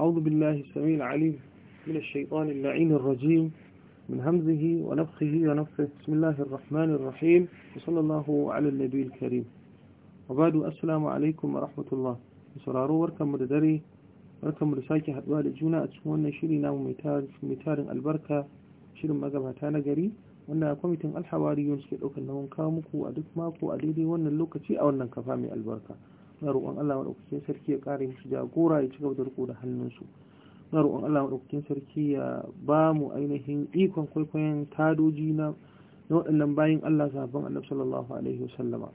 أعوذ بالله السميع العليم من الشيطان اللعين الرجيم من همزه ونفخه ونفخه بسم الله الرحمن الرحيم وصلى الله على النبي الكريم وبعد السلام عليكم ورحمة الله sauraro warkanmu da dare warkanmu da sake haduwa da juna a cikin wannan shiri namu mai tarin albarka shirin magabata na gari wanda kwamitin alhawariyun suke daukar nauyin kawo muku a duk mako a daidai wannan lokaci a wannan kafa mai albarka na roƙon Allah maɗaukakin sarki ya ƙara musu jagora ya ci gaba da riko da hannunsu na roƙon Allah maɗaukakin sarki ya ba mu ainihin ikon kwaikwayon tadoji na waɗannan bayan Allah sabon annabi sallallahu alaihi wasallama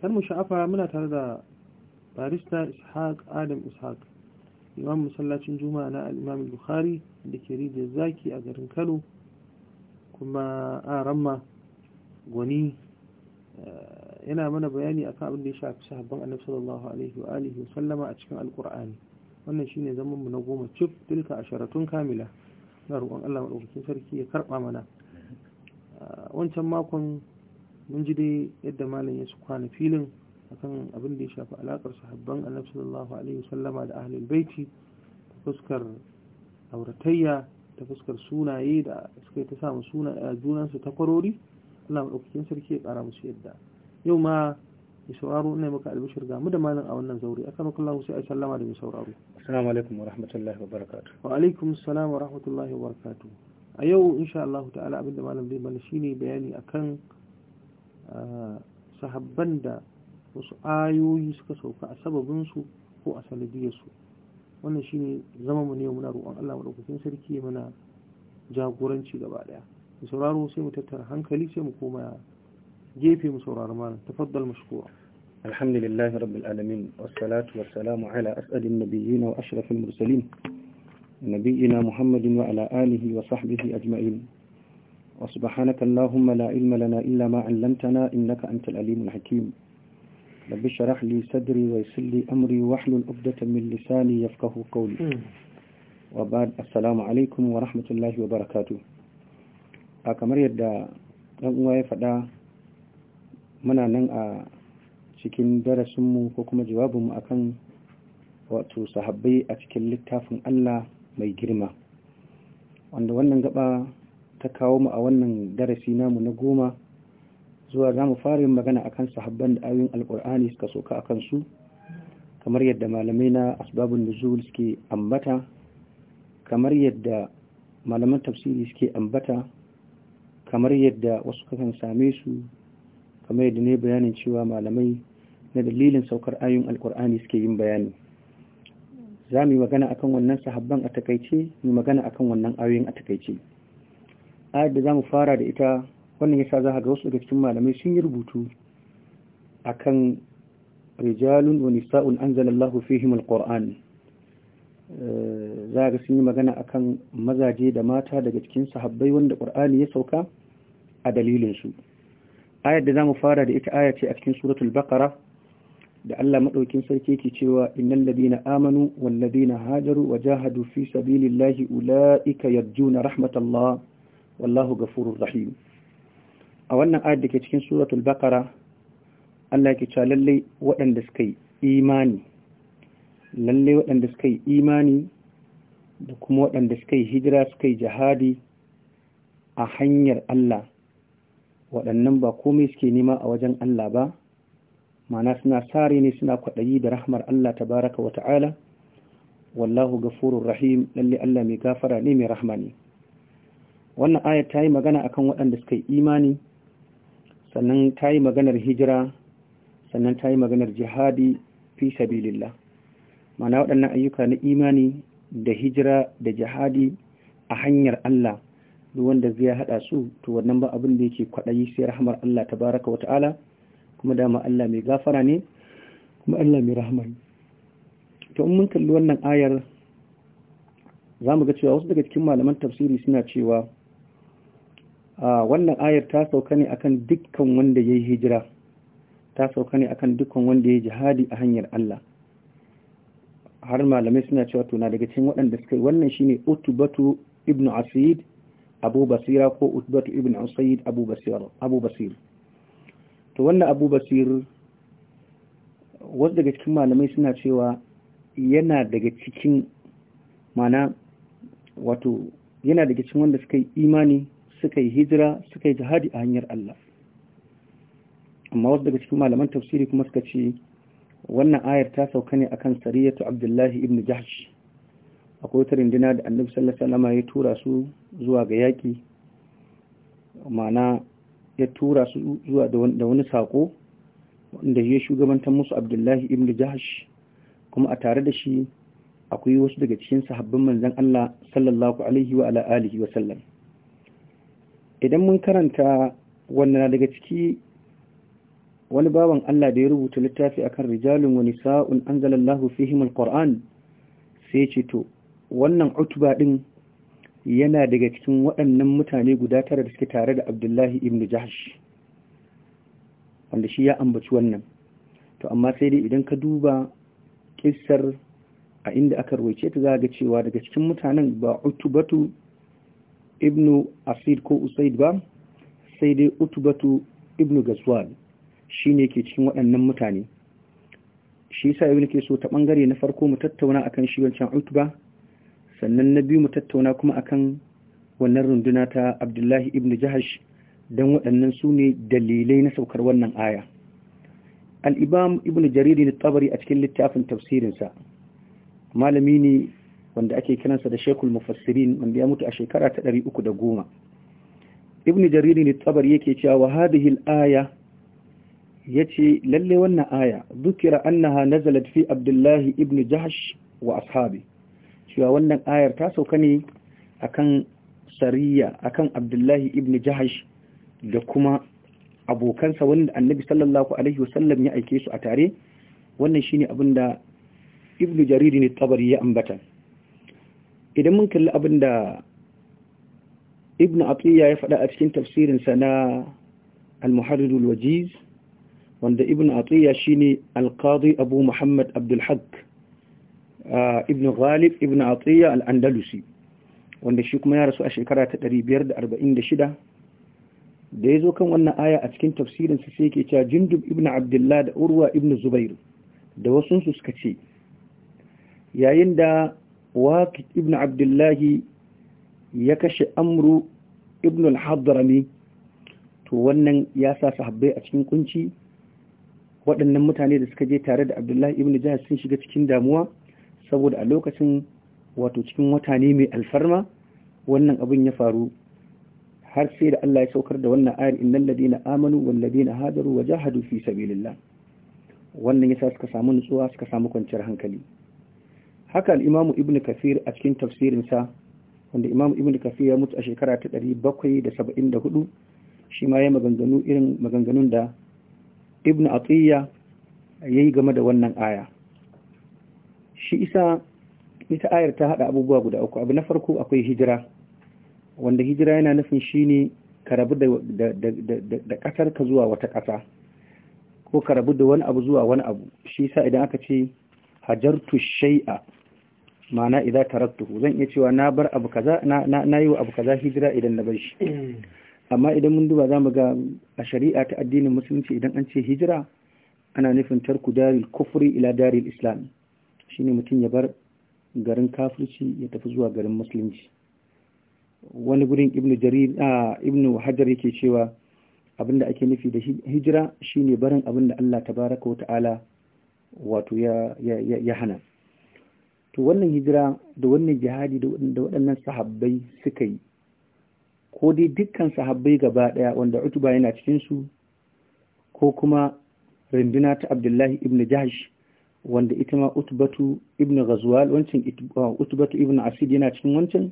kar mu sha'afa muna tare da barista ishaq adam ishaq imam masallacin juma'a na al-imam bukhari da ke rijiyar zaki a garin kano kuma a ramma gwani eh, yana mana bayani akan abin da ya shafi sahabban annabi sallallahu alaihi wa alihi sallama a cikin alqur'ani wannan shine zaman mu na goma cif tilka asharatun kamila na roƙon Allah madaukakin sarki ya karba mana wancan makon mun ji dai yadda malam ya su kwana filin akan abin da ya shafi alakar sahabban annabi sallallahu alaihi sallama da ahlul baiti ta fuskar auratayya ta fuskar sunaye da suka ta samu suna eh, junansu ta kwarori Allah madaukakin sarki ya kara musu yadda yau ma mai sauraro ina maka albishir ga mu da malam a wannan zauri a maka Allah sai a sallama da mai sauraro assalamu alaikum wa rahmatullahi wa barakatu wa alaikum wa rahmatullahi wa barakatu a yau insha Allah ta'ala abin da malam zai mana shine bayani akan ah, sahabban da wasu ayoyi suka sauka a sababin su ko a sanadiyar su wannan shine zama mu ne muna roƙon Allah madaukakin sarki mana jagoranci gaba daya sauraro sai mu tattara hankali sai mu koma gefe mu saurari malam tafaddal mashkura الحمد لله رب العالمين والصلاة والسلام على أسأل النبيين وأشرف المرسلين نبينا محمد وعلى آله وصحبه أجمعين وسبحانك اللهم لا علم لنا إلا ما علمتنا إنك أنت العليم الحكيم رب اشرح لي صدري ويسر لي أمري واحلل عقدة من لساني يفقه قولي وبعد السلام عليكم ورحمة الله وبركاته كما يدعى أن يفعل muna nan a cikin darasinmu ko kuma jawabinmu akan wato sahabbai a cikin littafin Allah mai girma wanda wannan gaba ta kawo mu a wannan darasi namu na goma zuwa za mu fara yin magana a kan sahabban da ayoyin alkur'ani suka soka a kansu kamar yadda malamai na da nuzul suke ambata kamar yadda malaman tafsiri suke ambata kamar yadda wasu kakan same su kamar yadda ne bayanin cewa malamai na dalilin saukar ayin alkur'ani suke yin bayani za mu yi magana a kan wannan sahabban a takaice mu magana a kan wannan ayoyin a takaice ayar da za mu fara da ita wannan ya sa za ga wasu daga cikin malamai sun yi rubutu a kan rijalun Wani wa nisa'un fi fihim ƙor'an eh, za ga sun yi magana a kan mazaje da mata daga cikin sahabbai wanda qur'ani ya sauka a dalilinsu. ayar da zamu fara da ita aya ce a cikin suratul baqara da Allah madaukin sarki yake cewa innal ladina amanu wal ladina hajaru wajahadu fi sabilillahi ulaika yarjuna rahmatallah wallahu ghafurur rahim a wannan ayar da ke cikin suratul baqara Allah yake cewa lalle waɗanda suka yi imani lalle waɗanda suka yi imani da kuma waɗanda suka yi hijira suka yi jihadi a hanyar Allah waɗannan ba komai suke nema a wajen Allah ba mana suna sare ne suna kwaɗayi da rahmar Allah ta baraka wa ta'ala wallahu gafurur rahim lalle Allah mai gafara ne mai rahma ne wannan ayar ta yi magana akan waɗanda suka yi imani sannan ta yi maganar hijira sannan ta yi maganar jihadi fi sabilillah mana waɗannan ayyuka na imani da hijira da jihadi a hanyar Allah duk wanda zai hada su to wannan ba abin da yake kwadayi sai rahmar Allah tabaraka wata'ala kuma dama Allah mai gafara ne kuma Allah mai rahama ne to in mun kalli wannan ayar zamu ga cewa wasu daga cikin malaman tafsiri suna cewa a wannan ayar ta sauka ne akan dukkan wanda yayi hijira ta sauka ne akan dukkan wanda yayi jihadi a hanyar Allah har malamai suna cewa to na daga cikin waɗanda suka yi wannan shine utubatu ibn Asid abu basira ko usbatu ibn usaid abu basir abu basir to wannan abu basir wasu daga cikin malamai suna cewa yana daga cikin mana wato yana daga cikin wanda suka yi imani suka yi hijira suka yi jihadi a hanyar Allah amma wasu daga cikin malaman tafsiri kuma suka ce wannan ayar ta sauka ne akan sariyatu abdullahi ibn jahsh akwai wata rindina da annabi sallallahu alaihi wasallam ya tura su zuwa ga yaki ma'ana ya tura su zuwa da wani sako wanda ya shugabantar musu Abdullahi ibn Jahsh kuma a tare da shi akwai wasu daga cikin sahabban manzon Allah sallallahu alaihi wa ala alihi wa sallam idan mun karanta wannan daga ciki wani baban Allah da ya rubuta littafi akan rijalun wa nisa'un anzalallahu fihim alquran sai ce to wannan utba din yana daga cikin waɗannan mutane guda tara da suke tare da abdullahi ibn jahsh wanda shi ya ambaci wannan to amma sai dai idan ka duba kissar a inda aka rawaice ta za ga cewa daga cikin mutanen ba utubatu ibn asid ko usaid ba sai dai utubatu ibn gaswal shine ne ke cikin waɗannan mutane shi sa yau ke so ta ɓangare na farko mu tattauna akan shi wancan utuba sannan na biyu mu tattauna kuma akan wannan runduna ta abdullahi ibn jahash don waɗannan su ne dalilai na saukar wannan aya al'ibam ibn jariri na tabari a cikin littafin tafsirinsa malami ne wanda ake kiransa da shekul mufassirin wanda ya mutu a shekara ta ɗari uku da goma. ibn jariri na tabari yake cewa wa hadihil aya ya ce lalle wannan aya dukira annaha nazalat fi abdullahi ibn jahash wa ashabi cewa wannan ayar ta sauka ne akan sariya akan abdullahi ibn jahash da kuma abokansa wanda annabi sallallahu alaihi wasallam ya aike su a tare wannan shine abin da ibn jarir ne tabari ya ambata idan mun kalli abin da ibn atiya ya faɗa a cikin tafsirinsa na al-muharrir al-wajiz wanda ibn atiya shine al-qadi abu muhammad abdul haqq ibn ghalib ibn atiyya al-andalusi wanda shi kuma ya rasu a shekara ta 546 da ya zo kan wannan aya a cikin tafsirinsa sai ke cewa jindub ibn abdullah da urwa ibn zubair da wasunsu suka ce yayin da waqid ibn abdullahi ya kashe amru ibn al-hadrami to wannan ya sa sahabbai a cikin kunci waɗannan mutane da suka je tare da abdullahi ibn jihar sun shiga cikin damuwa saboda a lokacin wato cikin wata ne mai alfarma wannan abin ya faru har sai da Allah ya saukar da wannan ayar innal ladina amanu wal ladina hadaru wajahadu fi sabilillah wannan yasa suka samu nutsuwa suka samu kwanciyar hankali haka al imam ibn kathir a cikin tafsirin sa wanda imamu ibn kathir ya mutu a shekara ta 774 shi ma ya maganganu irin maganganun da ibn atiyya yayi game da wannan aya shi isa ita ayar ta hada abubuwa guda uku abu na farko akwai hijira wanda hijira yana nufin shine ka rabu da da kasar ka zuwa wata kasa ko ka rabu da wani abu zuwa wani abu shi isa idan aka ce hajartu shay'a ma'ana idan taraktuhu zan iya cewa na bar abu kaza na yi wa abu kaza hijira idan na bar shi mm. amma idan mun duba zamu ga a shari'a ta addinin musulunci idan an ce hijira ana nufin tarku daril kufri ila daril islami shine mutum ya bar garin kafirci ya tafi zuwa garin musulunci wani gurin ibnu jarir a ibnu hajar yake cewa abinda ake nufi da hijira shine barin abinda Allah tabaraka wata'ala wato ya ya hana to wannan hijira da wannan jihadi da waɗannan sahabbai suka yi ko dai dukkan sahabbai gaba ɗaya wanda utuba yana cikin su ko kuma rinduna ta Abdullahi ibn Jahsh wanda ita ma utbatu ibnu ghazwal wancin uh, utbatu ibn asid yana cikin wancin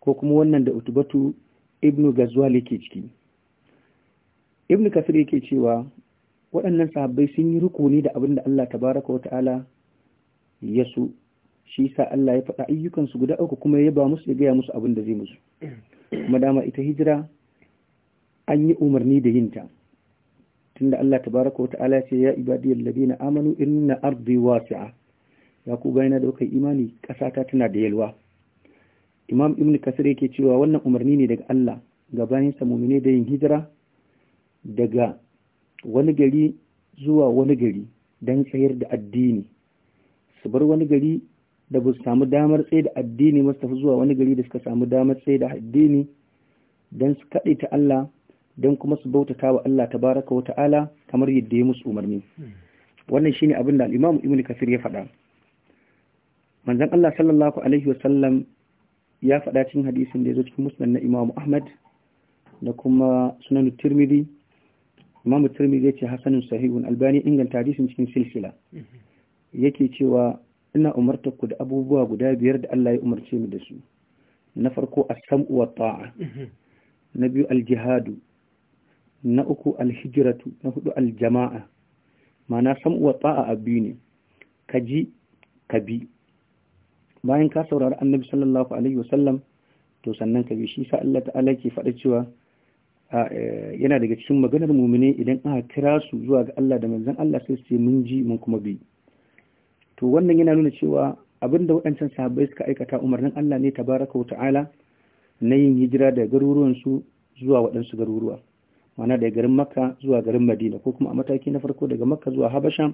ko kuma wannan da utbatu ibnu ghazwal yake ciki Ibnu kasir yake cewa waɗannan sahabbai sun yi rukuni da abin da Allah tabaraka wa ta'ala ya su shi sa Allah ya faɗa ayyukansu guda uku kuma ya ba musu ya gaya musu abin da zai musu kuma dama ita hijira an yi umarni da yin ta tunda Allah tabaraka wata'ala ya ce ya ibadiyal na amanu inna ardi wasi'a ya ku bayyana da kai imani kasata tana da yalwa Imam Ibn Kasir yake cewa wannan umarni ne daga Allah ga bayin sa mu'mine da yin hijira daga wani gari zuwa wani gari don tsayar da addini su bar wani gari da ba samu damar tsaye da addini masu zuwa wani gari da suka samu damar tsaye da addini don su kaɗaita ta Allah don kuma su bautata wa Allah ta baraka wa ta'ala kamar yadda ya musu umarni wannan shi ne abin da al'imamu imam kafir ya faɗa manzon Allah sallallahu alaihi wa ya faɗa cikin hadisin da ya zo cikin musulman na Imam Ahmad da kuma sunan imamu Imam ya yace hasanun sahihun Albani inganta hadisin cikin silsila yake cewa ina umartar ku da abubuwa guda biyar da Allah ya umarce mu da su na farko a samu wa ta'a mhm. na biyu al-jihadu na uku alhijiratu na hudu aljama'a mana sam'uwa ta'a abu ne ka ji ka bi bayan ka saurari annabi sallallahu alaihi wasallam to sannan ka bi shi sa Allah ta'ala ke faɗa cewa eh, yana daga cikin maganar mumine idan aka kira su zuwa ga Allah da manzon Allah sai su mun ji mun kuma bi to wannan yana nuna cewa abinda waɗancan sahabbai suka aikata umarnin Allah ne tabaraka wa ta'ala na yin hijira da garuruwan su zuwa waɗansu garuruwa mana daga garin makka zuwa garin madina ko kuma a mataki na farko daga makka zuwa habasha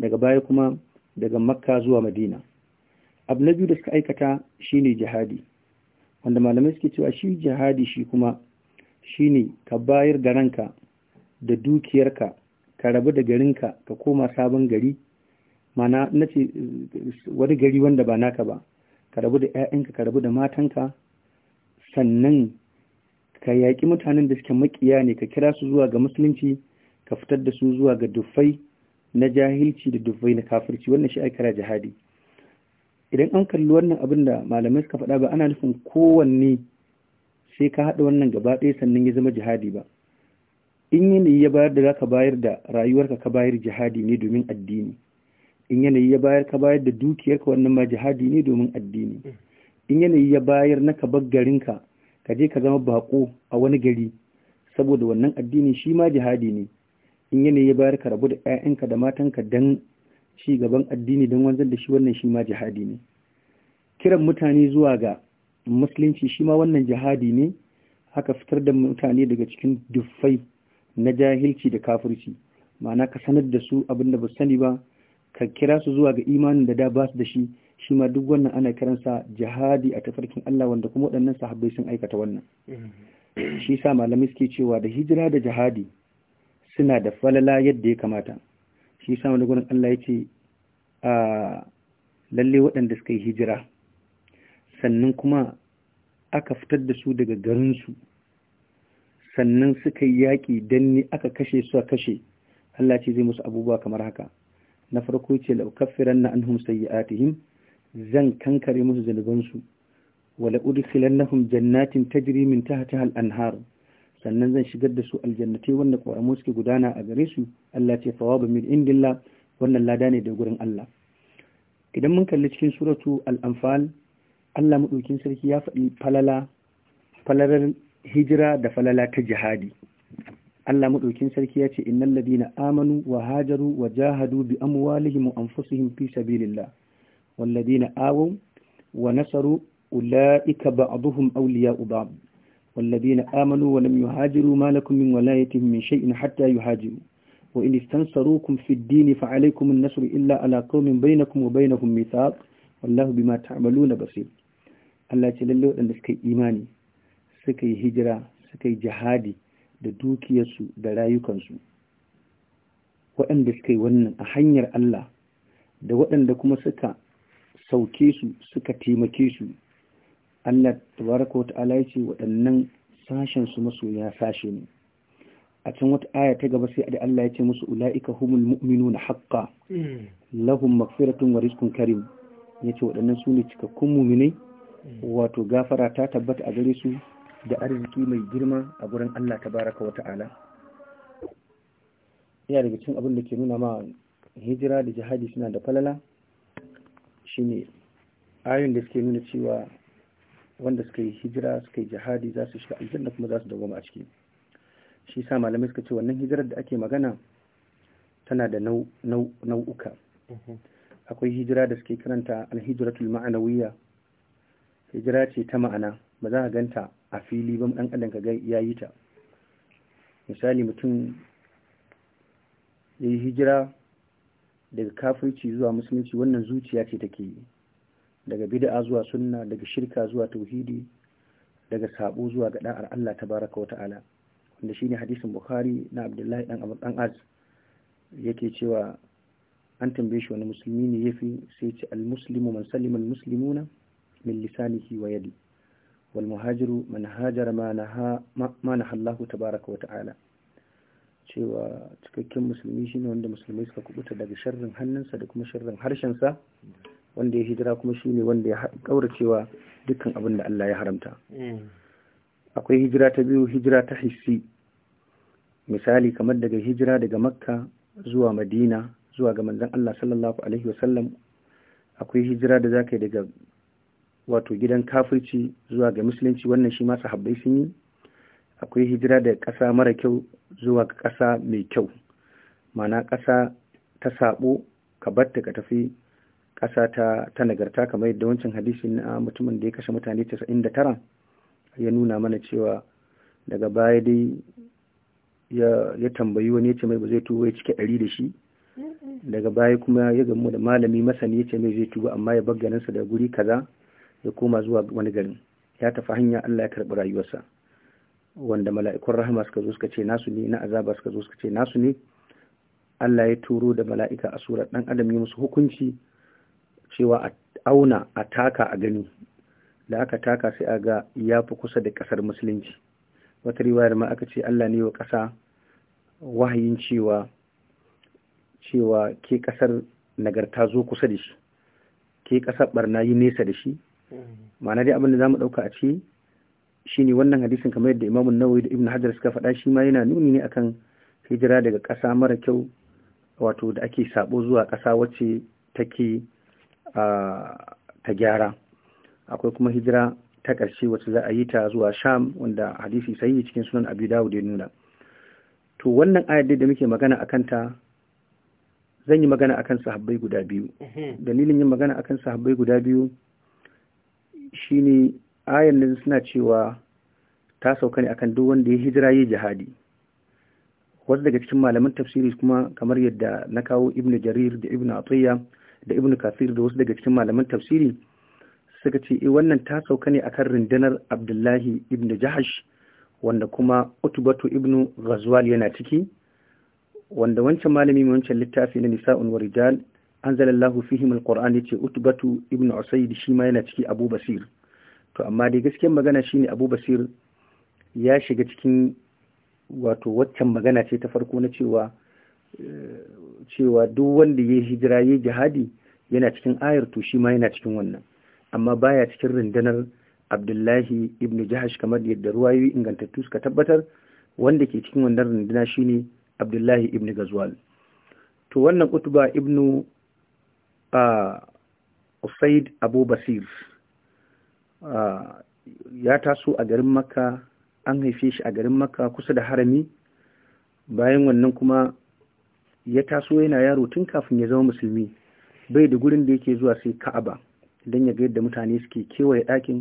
daga baya kuma daga makka zuwa madina abu biyu da suka aikata shine jihadi wanda malamai suke cewa shi jihadi shi kuma shine ka bayar da ranka da dukiyarka ka rabu da garinka ka koma sabon gari mana nace wani gari wanda ba naka ba ka rabu da 'ya'yanka ka rabu da matanka sannan ka yaƙi mutanen da suke makiya ne ka kira su zuwa ga musulunci ka fitar da su zuwa ga dufai na jahilci da dufai na kafirci wannan shi aikara jihadi idan an kalli wannan abin da malamai suka faɗa ba ana nufin kowanne sai ka haɗa wannan gaba ɗaya sannan ya zama jihadi ba in yanayi ya bayar da za ka bayar da rayuwarka ka bayar jihadi ne domin addini in yanayi ya bayar ka bayar da dukiyarka wannan ma jihadi ne domin addini mm. in yanayi ya bayar na ka bar garinka ka je ka zama baƙo a wani gari saboda wannan addini shi ma jihadi ne in yanayi ya bayar ka rabu da 'ya'yanka da matanka don ci gaban addini don wanzar da shi wannan shi ma jihadi ne kiran mutane zuwa ga musulunci shi ma wannan jihadi ne haka fitar da mutane daga cikin duffai na jahilci da kafirci ma'ana ka sanar da su abin da ba sani ba ka kira su zuwa ga imanin da da ba su da shi shi ma duk wannan ana kiransa jihadi a tafarkin Allah wanda kuma waɗannan sahabbai sun aikata wannan mm-hmm. shi sa malamai suke cewa da hijira da jihadi suna da falala yadda ya kamata shi sa wani gurin Allah ya ce a lalle waɗanda suka yi hijira sannan kuma aka fitar da su daga garinsu sannan suka yi yaƙi don ne aka kashe su a kashe Allah ce zai musu abubuwa kamar haka na farko ce laukaffiran na anhum sayyi'atihim zan kankare musu zunubansu wala lahum jannatin tajri min tahtiha al-anhar sannan zan shigar da su aljannati wanda ƙoramu suke gudana a gare su Allah ce thawabun min indillah wannan lada ne da gurin Allah idan mun kalli cikin suratu al-anfal Allah madaukin sarki ya faɗi falala falalar hijira da falala ta jihadi Allah madaukin sarki ya ce innal ladina amanu wa hajaru wa jahadu bi amwalihim wa anfusihim fi sabilillah والذين آووا ونصروا أولئك بعضهم أولياء بعض والذين آمنوا ولم يهاجروا ما لكم من ولايتهم من شيء حتى يهاجروا وإن استنصروكم في الدين فعليكم النصر إلا على قوم بينكم وبينهم ميثاق والله بما تعملون بصير Allah ce lalle waɗanda suka yi imani suka yi hijira suka yi jihadi da dukiyarsu da rayukansu waɗanda suka yi wannan a hanyar Allah da waɗanda kuma suka sauke su suka taimake su Allah tabaraka wata'ala ya ce waɗannan sashen su masoya sashe ne a can wata aya ta gaba sai da Allah ya ce musu ula'ika humul mu'minuna haqqan hmm. lahum maghfiratun wa rizqun karim yace waɗannan su ne cikakkun mu'minai hmm. wato gafara ta tabbata a gare su da arziki mai girma a gurin Allah tabaraka wata'ala yana daga cikin abin da ke nuna ma hijira da jihadi suna da falala shine ayoyin da suke nuna cewa wanda suka yi hijira suka yi jihadi za su shiga aljanna kuma za su dawoma a ciki shi sa malamai suka ce wannan hijirar da ake magana tana da nau'uka akwai hijira da suke karanta alhijiratul ma'anawiyya hijira ce ta ma'ana ba za a ganta a fili ba dan adam ka ya yi ta misali mutum ya yi hijira daga kafirci zuwa musulunci wannan zuciya ce take yi daga bid'a zuwa sunna daga shirka zuwa tauhidi daga sabo zuwa ga da'ar Allah tabaraka wa ta'ala wanda shine hadisin bukhari na abdullahi dan abu dan az yake cewa an tambaye shi wani musulmi ne yafi sai ce al-muslimu man salima al-muslimuna min lisanihi wa yadi wal muhajiru man hajara ma naha ma nahallahu tabaraka wa ta'ala cewa cikakken musulmi shine wanda musulmai suka kubuta daga sharrin hannunsa da kuma sharrin harshensa wanda ya hijira kuma shine wanda ya kauracewa cewa dukkan abin da Allah ya haramta mm. akwai hijira ta biyu hijira ta hissi misali kamar daga hijira daga makka zuwa madina zuwa ga manzon Allah sallallahu alaihi wasallam akwai hijira da zaka yi daga wato gidan kafirci zuwa ga musulunci wannan shi ma sahabbai sun yi akwai hijira da ƙasa mara kyau zuwa ƙasa mai kyau Ma'ana ƙasa ta saɓo, ka batta ka tafi ƙasa ta ta nagarta kamar yadda wancan hadisi na mutumin da ya kashe mutane 99 ya nuna mana cewa daga baya dai ya tambayi wani ya ce mai ba zai tuba ya cike ɗari da shi daga baya kuma ya gamu da malami masani ya ce mai zai tuba amma ya bar garinsa da guri kaza ya koma zuwa wani garin ya tafi hanya Allah ya karɓi rayuwarsa wanda mala'ikun rahama suka zo suka ce nasu ne na azaba suka zo suka ce nasu ne Allah ya turo da mala'ika a surar ɗan adam ya musu hukunci cewa a auna a taka a gani da aka taka sai a ga ya fi kusa da ƙasar musulunci wata riwayar ma aka ce Allah ne wa ƙasa wahayin cewa cewa ke ƙasar nagarta zo kusa da shi ke ƙasar barna yi nesa da shi mm-hmm. ma'ana dai abin da za mu ɗauka a ce shine wannan hadisin kamar yadda Imam Nawawi da Ibn Hajar suka faɗa shi ma yana nuni ne akan hijira daga ƙasa mara kyau wato da ake sabo zuwa ƙasa wacce take ta gyara akwai kuma hijira ta ƙarshe wacce za a yi ta zuwa Sham wanda hadisi sahihi cikin sunan Abi Dawud ya nuna to wannan ayar da muke magana akan ta zan yi magana akan sahabbai guda biyu mhm. dalilin yin magana akan sahabbai guda biyu shine ayan nan suna cewa ta sauka ne akan duk wanda ya hijira yi jihadi wasu daga cikin malaman tafsiri kuma kamar yadda na kawo ibn jarir da ibn atiyya da ibn kasir da wasu daga cikin malaman tafsiri suka ce eh wannan ta sauka ne akan rundunar abdullahi ibn jahash wanda kuma utubatu ibn ghazwal yana ciki wanda wancan malami mai wancan littafi na nisa'un wa rijal anzalallahu fihim alquran yace utubatu ibn usayd shi ma yana ciki abu basir to amma dai gaskiyar magana shine abu basir ya shiga cikin wato waccan magana ce ta farko na cewa eh, cewa duk wanda ya hijira ya jihadi yana cikin ayar to shi ma yana cikin wannan amma baya cikin rundunar abdullahi ibn jahash kamar yadda ruwayoyi ingantattu suka tabbatar wanda ke cikin wannan runduna shine abdullahi ibn gazwal to wannan kutuba a ah, usaid abu basir Ah, ya taso a garin makka an haife shi a garin makka kusa da harami bayan wannan kuma ya taso yana yaro tun kafin ya zama musulmi bai da gurin da yake zuwa sai ka'aba don ya ga yadda mutane suke kewaye ɗakin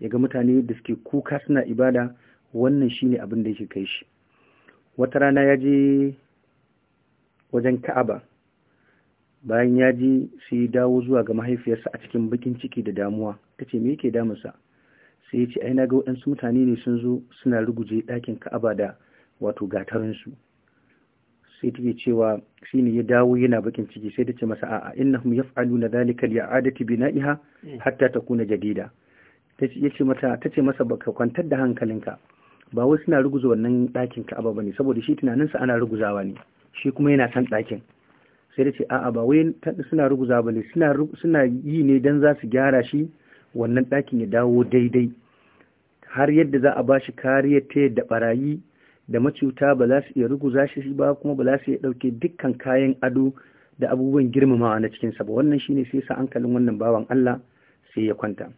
ya ga mutane da suke kuka suna ibada wannan shi ne abin da yake kai shi wata rana ya je wajen ka'aba bayan ya ji sai ya dawo zuwa ga mahaifiyarsa a cikin bakin ciki da damuwa ta ce me yake damunsa sai ya ce ai na ga waɗansu mutane ne sun zo suna ruguje ɗakin ka'aba da wato gatarinsu sai take cewa ne ya dawo yana bakin ciki sai ta ce masa a'a innahum dalika li na bina'iha mm. hatta takuna jadida yace mata ce masa baka kwantar da hankalinka ba wai suna ruguza wannan ɗakin Ka'aba ne saboda shi tunaninsa ana ruguzawa ne shi kuma yana san ɗakin sai da ce a'a ba wai suna ruguza ba ne suna yi ne don za su gyara shi wannan ɗakin ya dawo daidai har yadda za a ba shi kariyar ta yadda barayi da macuta ba za su iya ruguza shi ba kuma ba za su iya ɗauke dukkan kayan ado da abubuwan girmamawa na cikinsa ba wannan shi ne sai sa hankalin wannan bawan Allah sai ya kwanta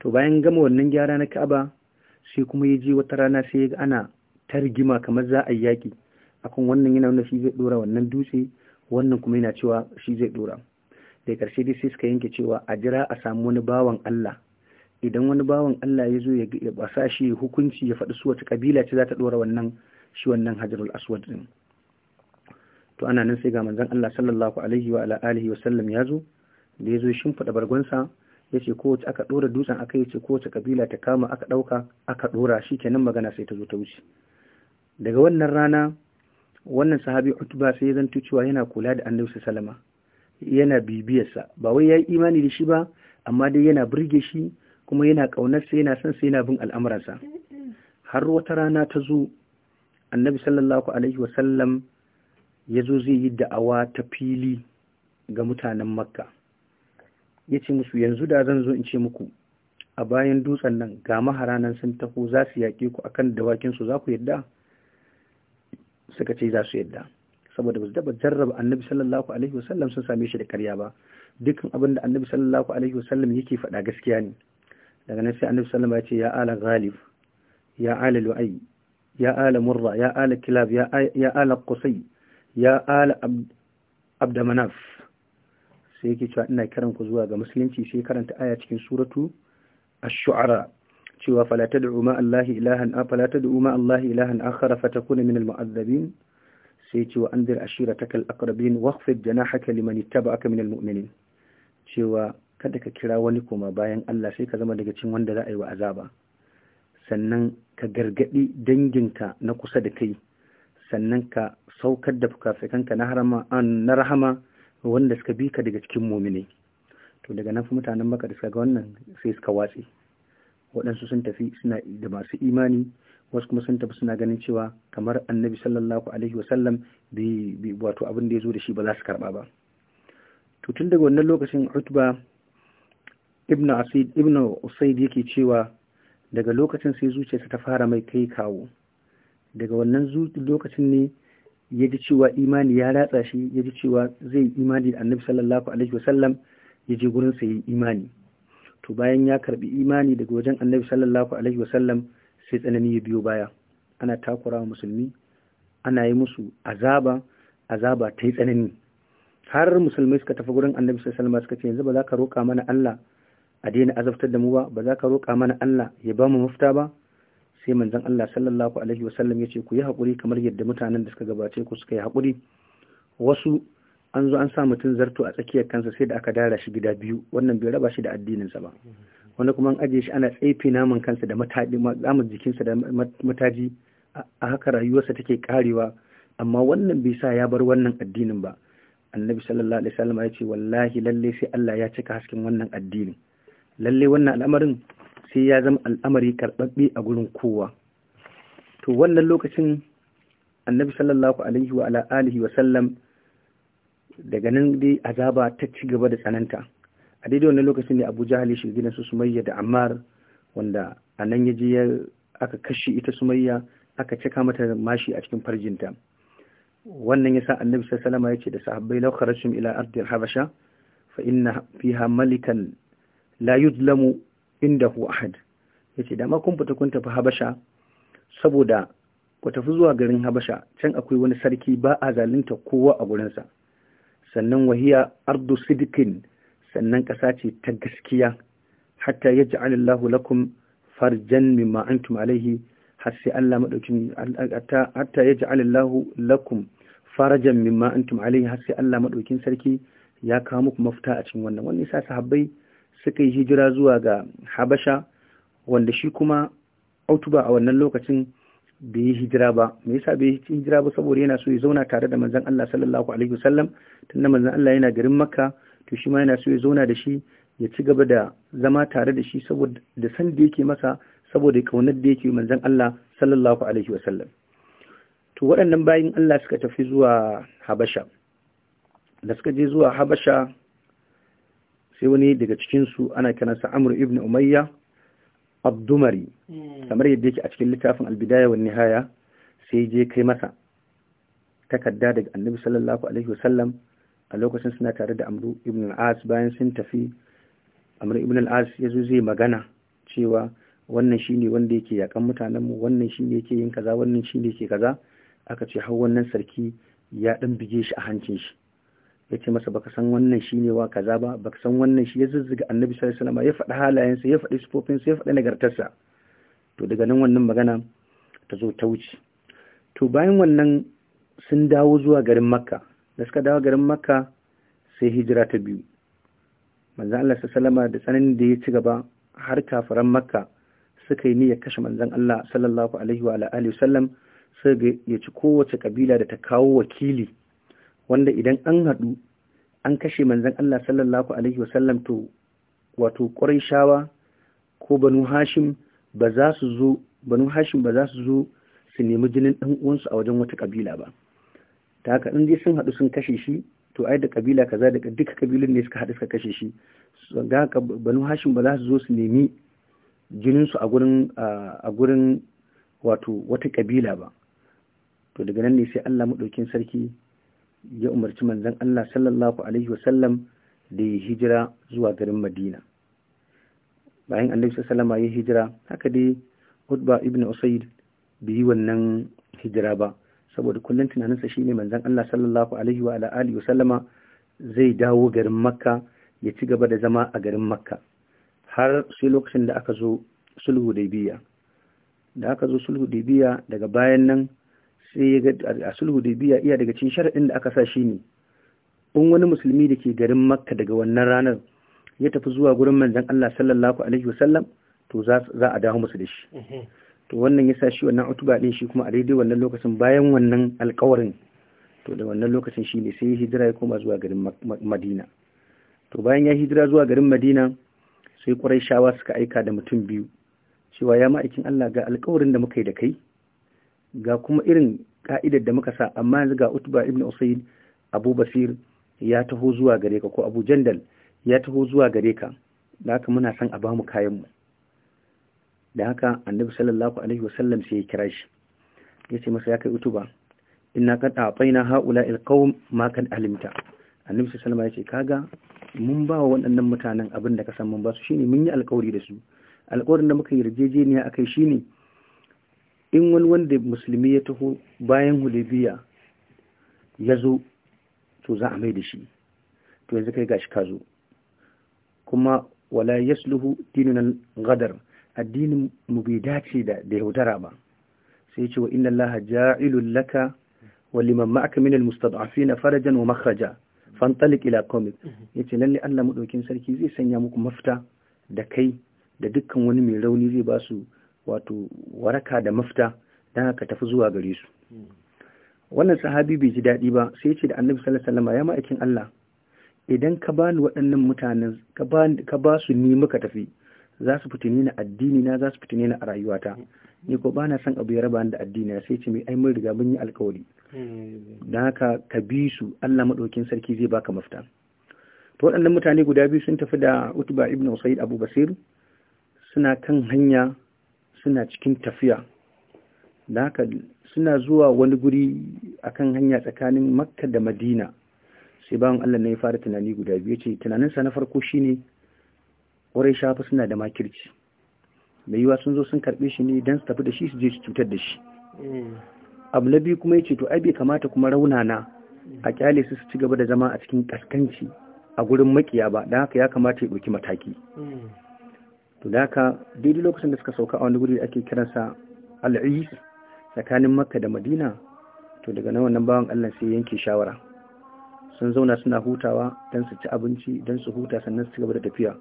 to bayan gama wannan gyara na Ka'aba sai kuma ya je wata rana sai ya ga ana targima kamar za a yi yaƙi akan wannan yana nuna shi zai dora wannan dutse wannan kuma yana cewa shi zai dora da ƙarshe dai sai suka yanke cewa a jira a samu wani bawan Allah idan wani bawan Allah ya zo ya basa shi hukunci ya faɗi su wata ƙabila ce za ta dora wannan shi wannan hajarul aswad din to ana nan sai ga manzon Allah sallallahu alaihi wa ala alihi wa sallam ya zo da ya zo shimfiɗa bargonsa ya ce ko wace aka ɗora dutsen aka yi ce ko wace ƙabila ta kama aka ɗauka aka ɗora shi kenan magana sai ta zo ta wuce daga wannan rana wannan sahabi utba sai ya zanto cewa yana kula da annabi salama. yana bibiyarsa ba wai ya yi imani da shi ba amma dai yana burge shi kuma yana ƙaunarsa yana son sa yana bin al'amuransa har wata rana ta zo annabi sallallahu alaihi wasallam ya zo zai yi da'awa ta fili ga mutanen makka ya ce musu yanzu da zan zo in ce muku a bayan dutsen nan ga maharanan sun taho za su yaƙe ku akan dawakinsu za ku yadda suka ce za su yadda saboda ba su daba jarraba annabi sallallahu alaihi wasallam sun same shi da karya ba dukkan abin da annabi sallallahu alaihi wasallam yake faɗa gaskiya ne daga nan sai annabi sallallahu ya ce ya ala ghalib ya ala lu'ay ya ala murra ya ala kilab ya ala qusay ya ala manaf sai yake cewa ina kiran ku zuwa ga musulunci sai karanta aya cikin suratu ash-shu'ara cewa falata da umar Allahi ilahan a falata da umar Allahi ilahan akhara kuna minal ma'azzabin sai cewa anzir ashirataka alaqrabin wakhfid limani liman aka min mu'minin cewa kada ka kira wani koma bayan Allah sai ka zama daga cin wanda za a yi wa azaba sannan ka gargadi danginka na kusa da kai sannan ka saukar da fukafikanka na harama na rahama wanda suka bi ka daga cikin mu'mini to daga nan fa mutanen maka da suka ga wannan sai suka watse waɗansu sun tafi suna da masu imani wasu kuma sun tafi suna ganin cewa kamar annabi sallallahu alaihi wasallam bai wato abin da ya zo da shi ba za su karɓa ba to tun daga wannan lokacin hutuba ibn ibn usaid yake cewa daga lokacin sai zuciyarsa ta fara mai kai kawo daga wannan lokacin ne ya ji cewa imani ya ratsa shi ya ji cewa zai imani da annabi sallallahu alaihi wasallam ya je gurin sa yi imani to bayan ya karbi imani daga wajen annabi sallallahu alaihi wasallam sai tsanani ya biyo baya ana takura wa musulmi ana yi musu azaba azaba ta yi tsanani har musulmai suka tafi gurin annabi sallallahu alaihi wasallam suka ce yanzu ba za ka roƙa mana Allah a daina azabtar da mu ba ba za ka roƙa mana Allah ya ba mu mafita ba sai manzon Allah sallallahu alaihi wasallam ya ce ku yi haƙuri kamar yadda mutanen da suka gabace ku suka yi haƙuri wasu an zo an sa mutum zarto a tsakiyar kansa sai da aka dara shi gida biyu wannan bai raba shi da addininsa ba wanda kuma an ajiye shi ana tsaifi naman kansa da mataji naman jikinsa da mataji a haka rayuwarsa take karewa amma wannan bai sa ya bar wannan addinin ba annabi sallallahu alaihi wasallam ya ce wallahi lalle sai Allah ya cika haskin wannan addinin lalle wannan al'amarin sai ya zama al'amari karɓaɓɓe a gurin kowa to wannan lokacin annabi sallallahu alaihi wa alihi wa sallam daga nan dai azaba ta ci gaba da tsananta a daidai wannan lokacin ne abu jahali shi gidan su sumayya da ammar wanda a nan ya je aka kashe ita sumayya aka cika mata mashi a cikin farjinta wannan yasa annabi sallallahu alaihi ya ce da sahabbai law kharajtum ila ardil habasha fa inna fiha malikan la yuzlamu indahu ahad yace da ma kun fita kun tafi habasha saboda ku tafi zuwa garin habasha can akwai wani sarki ba a zalunta kowa a gurinsa sannan wahiya ardu sidikin sannan ƙasa ce ta gaskiya hatta ya ji alillahu lakum farjan min ma'antum alaihi har sai Allah madaukin hatta ya ji alillahu lakum farajan min antum alaihi har sai Allah maɗaukin sarki ya kawo muku mafita a cikin wannan wannan sa sahabbai suka yi hijira zuwa ga Habasha wanda shi kuma autuba a wannan lokacin bai hijira ba me yasa bai yi hijira ba saboda yana so ya zauna tare da manzon Allah sallallahu alaihi wasallam tunda manzon Allah yana garin Makka to shi ma yana so ya zauna da shi ya ci gaba da zama tare da shi saboda da san da yake masa saboda kaunar da yake manzon Allah sallallahu alaihi wasallam to waɗannan bayin Allah suka tafi zuwa Habasha da suka je zuwa Habasha sai wani daga cikin su ana kiransa Amr ibn Umayya abdumari hmm. kamar yadda yake a cikin littafin albidaya wa nihaya sai je kai masa takarda daga annabi sallallahu alaihi wasallam a lokacin suna tare da amru ibn al bayan sun tafi amru ibn al ya zo zai magana cewa wannan shi ne wanda yake yakan mutanenmu wannan shi ne yake yin kaza wannan shi ne yake kaza aka ce hau wannan sarki ya ɗan bige shi a hancin shi ya ce masa baka san wannan shi ne wa kaza ba baka san wannan shi ya zuzzuga annabi sallallahu alaihi ya faɗi halayensa ya faɗi sifofinsa ya faɗi nagartarsa to daga nan wannan magana ta zo ta wuce to bayan wannan sun dawo zuwa garin makka da suka dawo garin makka sai hijira ta biyu manzan Allah sallama da tsananin da ya ci gaba har kafiran makka suka yi niyyar kashe manzan Allah sallallahu alaihi wa alihi wasallam sai ya ci kowace kabila da ta kawo wakili wanda idan an haɗu an kashe manzan Allah sallallahu Alaihi wasallam to wato ƙwarai shawa ko banu hashim ba za su zo su nemi jinin ɗan'uwansu a wajen wata ƙabila ba ta haka in sun haɗu sun kashe shi to ai da ƙabila kaza da duka ƙabilun ne suka haɗu suka kashe shi da haka banu hashim ba za su zo su nemi jininsu a gurin a gurin wato wata ƙabila ba to daga nan ne sai Allah maɗaukin sarki ya umarci manzon Allah sallallahu alaihi wasallam da ya hijira zuwa garin Madina bayan Annabi sallama ya hijira haka dai Utba ibn Usayd bai yi wannan hijira ba saboda kullum tunaninsa shine manzan Allah sallallahu alaihi wa alihi wasallama zai dawo garin Makka ya ci gaba da zama a garin Makka har sai lokacin da aka zo sulhu da da aka zo sulhu da daga bayan nan sai ya ga a sulhu biya iya daga cikin sharaɗin da aka sa shi ne in wani musulmi da ke garin makka daga wannan ranar ya tafi zuwa gurin manzan Allah sallallahu alaihi wasallam to za a dawo musu da shi mm-hmm. to wannan ya sa shi wannan utuba din shi kuma a daidai wannan lokacin bayan wannan alƙawarin to da wannan lokacin shi ne sai ya hijira ya koma zuwa garin Madina to bayan ya hijira zuwa garin Madina sai shawa suka aika da mutum biyu cewa ya ma'aikin Allah ga alkawarin da muka yi da kai ga kuma irin ka'idar da muka sa amma yanzu ga Utuba, ibn usayd abu basir ya taho zuwa gare ka ko abu jandal ya taho zuwa gare ka da haka muna son a ba mu kayan mu da haka annabi sallallahu alaihi wasallam sai ya kira shi ya ce masa ya kai utuba inna qad a'tayna haula alqawm ma kan alimta annabi sallallahu alaihi ya ce kaga mun ba wa waɗannan mutanen abin da ka san mun ba su shine mun yi alƙawari da su alƙawarin da muka yi yarjejeniya akai shine in wani wanda musulmi ya taho bayan hulibiya ya zo to za a mai da shi to yanzu kai gashi ka zo kuma wala yasluhu dinunan gadar addinin mu bai dace da da yaudara ba sai ce wa inna allaha ja'ilul laka wa liman ma'aka min almustad'afin farajan wa makhraja fantalik ila qawmik yace lalle Allah mu dokin sarki zai sanya muku mafita da kai da dukkan wani mai rauni zai ba su wato waraka da mafita don haka tafi zuwa gare su wannan sahabi bai ji daɗi ba sai ce da annabi sallallahu alaihi wasallam ya ma'aikin Allah idan ka bani waɗannan mutanen ka ba su ni muka tafi za su fitini na addini na za su fitini na a rayuwata ni ko bana son abu ya raba da addini sai ce mai ai mun riga mun yi alkawari don haka ka bi su Allah madaukin sarki zai baka mafita to waɗannan mutane guda biyu sun tafi da Utba ibn Usayd Abu Basir suna kan hanya suna cikin tafiya da suna zuwa wani guri akan hanya tsakanin makka da madina sai bawan allah na ya fara tunani guda biyu ce tunaninsa na farko shi ne wurin shafa suna da makirci mai yiwa sun zo sun karbe shi ne don su tafi da shi su je su cutar da shi mm. abu na biyu kuma ya ce to ai bai kamata kuma raunana a kyale su su ci gaba da zama a cikin kaskanci a gurin makiya ba don haka ya kamata ya ɗauki mataki mm. to da haka daidai lokacin da suka sauka a wani guri ake kiransa al'is tsakanin makka da madina to daga nan wannan bawan allah sai yanke shawara sun zauna suna hutawa don su ci abinci don su huta sannan su gaba da tafiya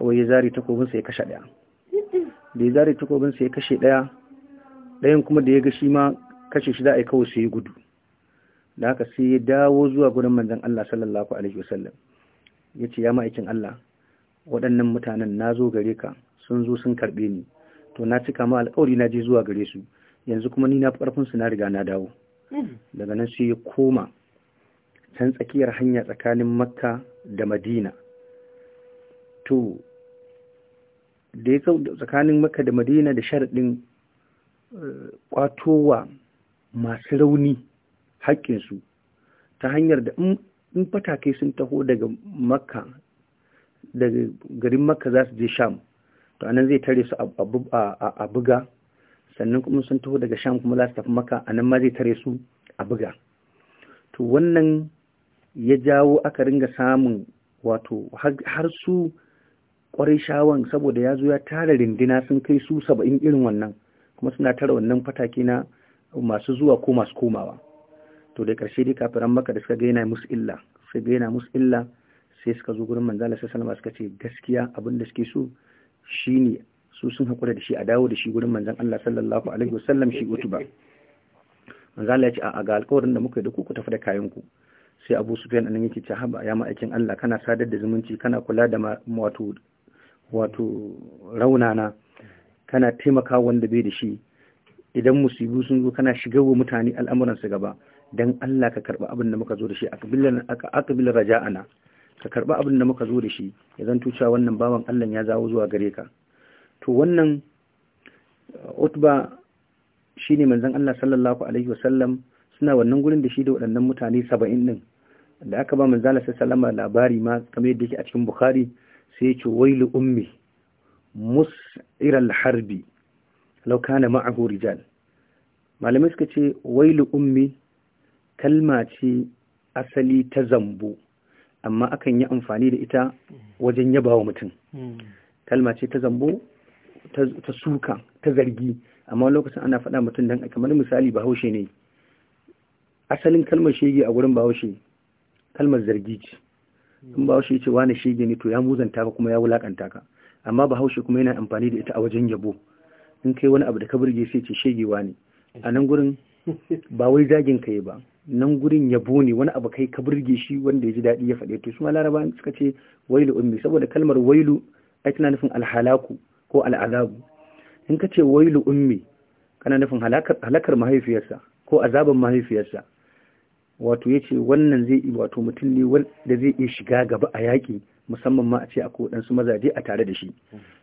kawai ya zari takobinsa ya kashe ɗaya da ya zari takobinsa ya kashe ɗaya ɗayan kuma da ya ga shi ma kashe shi za a yi kawai sai ya gudu da haka sai ya dawo zuwa gurin manzan Allah sallallahu alaihi wasallam ya ce ya ma'aikin Allah waɗannan mutanen na zo gare ka sun zo sun karɓe ni to na cika ma alƙawari na je zuwa gare su yanzu kuma ni na ƙarfin su na riga na dawo hmm. daga nan sai ya koma can tsakiyar hanya tsakanin makka da madina to da ya tsakanin makka da madina da sharaɗin eh, ƙwatowa masu rauni haƙƙinsu ta hanyar da in fatakai sun taho daga makka daga garin makka za su je sham to anan zai tare su a buga sannan kuma sun taho daga sham kuma za su tafi maka anan ma zai tare su a buga to wannan ya jawo aka ringa samun wato har su kwarai shawan saboda ya zo ya tara rindina sun kai su saba'in irin wannan kuma suna tara wannan fataki na masu zuwa ko masu komawa to da ƙarshe dai kafiran maka da suka gaina musu illa suka gaina musu illa sai suka zo gurin sallallahu alaihi wasallam suka ce gaskiya abin da suke so shine su sun haƙura da shi a dawo da shi gurin manzan Allah sallallahu alaihi wasallam shi utuba Allah ya ce a ga alƙawarin da muka yi da ku ku tafi da kayan ku sai Abu Sufyan annan yake ce haba ya ma'aikin Allah kana sadar da zumunci kana kula da wato wato raunana kana taimaka wanda bai da shi idan musibu sun zo kana shigar wa mutane al'amuransu gaba dan Allah ka karba abin da muka zo da shi a ƙabilar raja'ana ka karɓi abin da muka zo da shi ya zan tuca wannan bawan Allah ya zawo zuwa gare ka to wannan uh, utba shine manzon Allah sallallahu alaihi wasallam suna wannan gurin da shi da waɗannan mutane saba'in din da aka ba Allah sallallahu salama labari ma kamar yadda yake a cikin bukhari sai yake wailu ummi Mus harbi law kana malamai suka ce wailu ummi kalma ce asali ta zambu. amma akan yi amfani da ita wajen yaba wa mutum hmm. kalma ce ta zambo ta suka ta zargi amma lokacin ana faɗa mutum don kamar misali bahaushe ne asalin kalmar shege a gurin bahaushe kalmar zargi ce in hmm. bahaushe ce wani shege ne to ya muzanta ka kuma ya wulakanta ka amma bahaushe kuma yana amfani da ita a wajen yabo in kai wani abu da ka burge sai ce shegewa ne a nan gurin ba wai zagin kai ba nan gurin yabo ne wani abu kai ka burge shi wanda ya ji daɗi ya faɗe to su ma laraba suka ce wailu ummi saboda kalmar wailu ai tana nufin alhalaku ko al'azabu in ka ce wailu ummi kana nufin halakar mahaifiyarsa ko azaban mahaifiyarsa wato ya ce wannan zai yi wato mutum ne wanda zai iya shiga gaba a yaƙi musamman ma a ce akwai waɗansu mazaje a tare da shi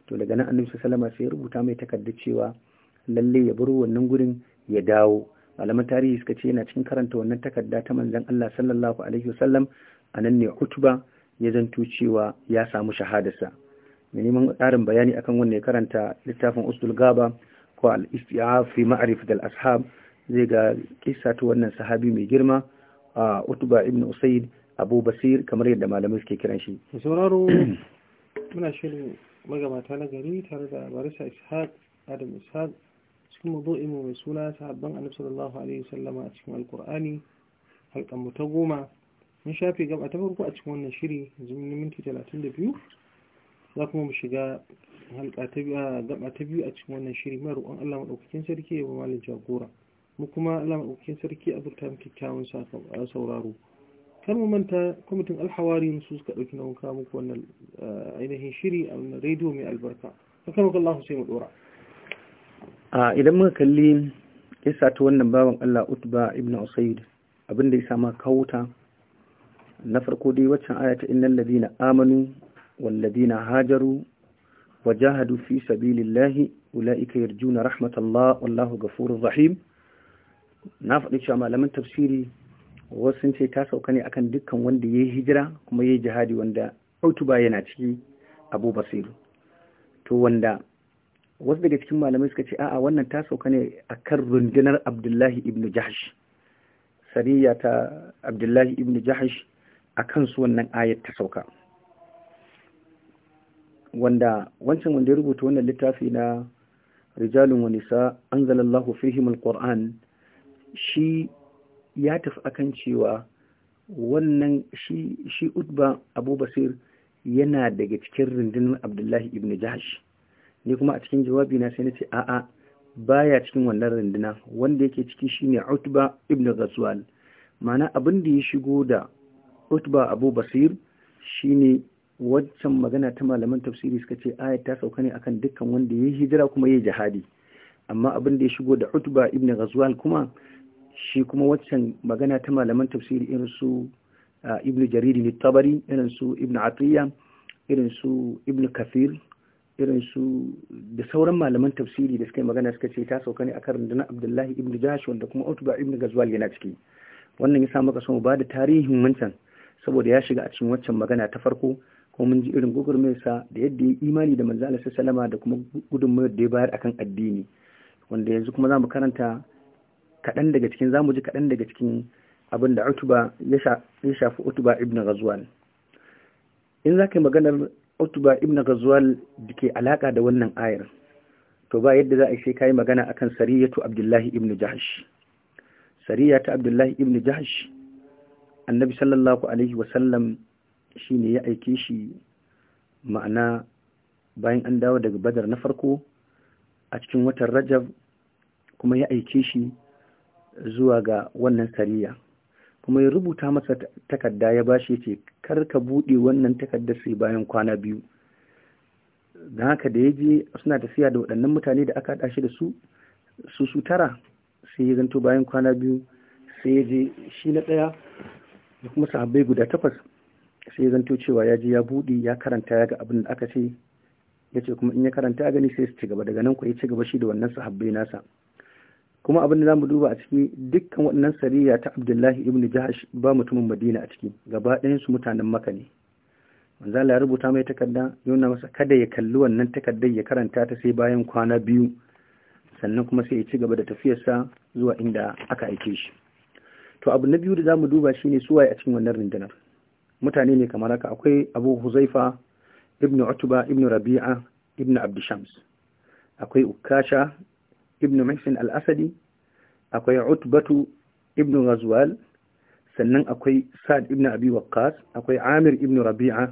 to daga nan annabi sallama sai ya rubuta mai takardar cewa lalle ya bar wannan gurin ya dawo malaman tarihi suka ce yana cikin karanta wannan takarda ta manzon Allah sallallahu alaihi wasallam anan ne utba ya zanto cewa ya samu shahadarsa mai neman ƙarin bayani akan wannan ya karanta littafin usul gaba ko al-istiaf fi ma'rifat al-ashab zai ga kissa ta wannan sahabi mai girma a utba ibn usaid abu basir kamar yadda malamai suke kiran shi sauraro muna shirin magabata na gari tare da barisa ishaq adam ishaq cikin mazo'i mai suna sahabban annabi sallallahu alaihi wasallam a cikin alkur'ani halkan ta goma mun shafe gaba ta farko a cikin wannan shiri zumin minti 32 za kuma mu shiga halka ta biyu gaba ta biyu a cikin wannan shiri mai roƙon Allah madaukakin sarki ya ba malin jagora mu kuma Allah madaukakin sarki a zurta mu kikkiawan sauraro kar mu manta kwamitin alhawari su suka ɗauki nauyin muku wannan ainihin shiri a wannan rediyo mai albarka. Sakamaka Allah sai mu ɗora. idan muka kalli ya ta wannan baban Allah Utba ibn Usayd abinda ya sama kawuta na farko dai waccan aya ta innal ladina amanu wal ladina hajaru wajahadu fi sabilillahi ulaika yarjuna rahmatallahi wallahu ghafurur rahim na faɗi cewa malaman tafsiri wasu ce ta sauka ne akan dukkan wanda ya yi hijira kuma ya yi jihadi wanda Utba yana ciki Abu Basir to wanda wasu daga cikin malamai suka ce a'a wannan ta sauka ne a kan rundunar abdullahi ibn jahash sariya ta abdullahi ibn jahash a kansu wannan ayat ta sauka wanda wancan wanda ya rubuta wannan littafi na rijalun wa nisa anzalallahu fihim alquran shi ya tafi akan cewa wannan shi shi utba abu basir yana daga cikin rundunar abdullahi ibn jahash ni kuma a cikin jawabi na sai na ce a'a baya cikin wannan runduna wanda yake ciki shine Utba ibn Ghazwan mana abin da ya shigo da Utba Abu Basir shine waccan magana ta malaman tafsiri suka ce ayat ta sauka ne akan dukkan wanda yayi hijira kuma ya jihadi amma abin da ya shigo da Utba ibn Ghazwan kuma shi kuma waccan magana ta malaman tafsiri irin su Ibn Jarir al-Tabari irin su Ibn Atiyya irin su Ibn Kathir irin su da sauran malaman tafsiri da suka yi magana suka ce ta sauka ne akan na abdullahi ibn jahash wanda kuma utba ibn gazwal yana ciki wannan ya sa muka mu ba da tarihin wancan saboda ya shiga a cikin waccan magana ta farko kuma mun ji irin sa da yadda ya imani da manzo Allah salama da kuma gudunmayar da ya bayar akan addini wanda yanzu kuma zamu karanta kaɗan daga cikin zamu ji kaɗan daga cikin abin da Utba ya shafi Utba ibn gazwal in zaka yi maganar utuba ibn ghazwal dake alaka da wannan ayar to ba yadda za a sai kai magana akan sariyatu abdullahi ibn jahsh sariya ta abdullahi ibn jahsh annabi sallallahu alaihi wa sallam shine ya aike shi ma'ana bayan an dawo daga badar na farko a cikin watan rajab kuma ya aike shi zuwa ga wannan sariya kuma ya rubuta masa takarda ya ba bashi ce kar ka buɗe wannan takardar sai bayan kwana biyu da haka da ya je suna tafiya da waɗannan mutane da aka haɗa shi da su su su tara sai ya zanto bayan kwana biyu sai ya je shi na ɗaya da kuma sahabbai guda takwas sai ya zanto cewa ya je ya buɗe ya karanta ya ga abin da aka ce ya ce kuma in ya karanta gani sai su ci gaba daga nan ku ya ci gaba shi da wannan sahabbai nasa kuma abin da zamu duba a ciki dukkan waɗannan sariya ta Abdullahi ibn Jahash ba mutumin Madina a ciki gaba ɗayan su mutanen Makka ne manzo ya rubuta mai takarda yana masa kada ya kalli wannan takardar ya karanta ta sai bayan kwana biyu sannan kuma sai ya ci gaba da tafiyarsa zuwa inda aka aike shi to abu na biyu da za mu duba shine suwaye a cikin wannan rundunar mutane ne kamar haka akwai Abu Huzaifa ibn Utba ibn Rabi'a ibn Abd akwai Ukasha ibn Mihsin al-Asadi akwai Utbatu ibn Ghazwal sannan akwai Sa'd ibn Abi Waqqas akwai Amir ibn Rabi'a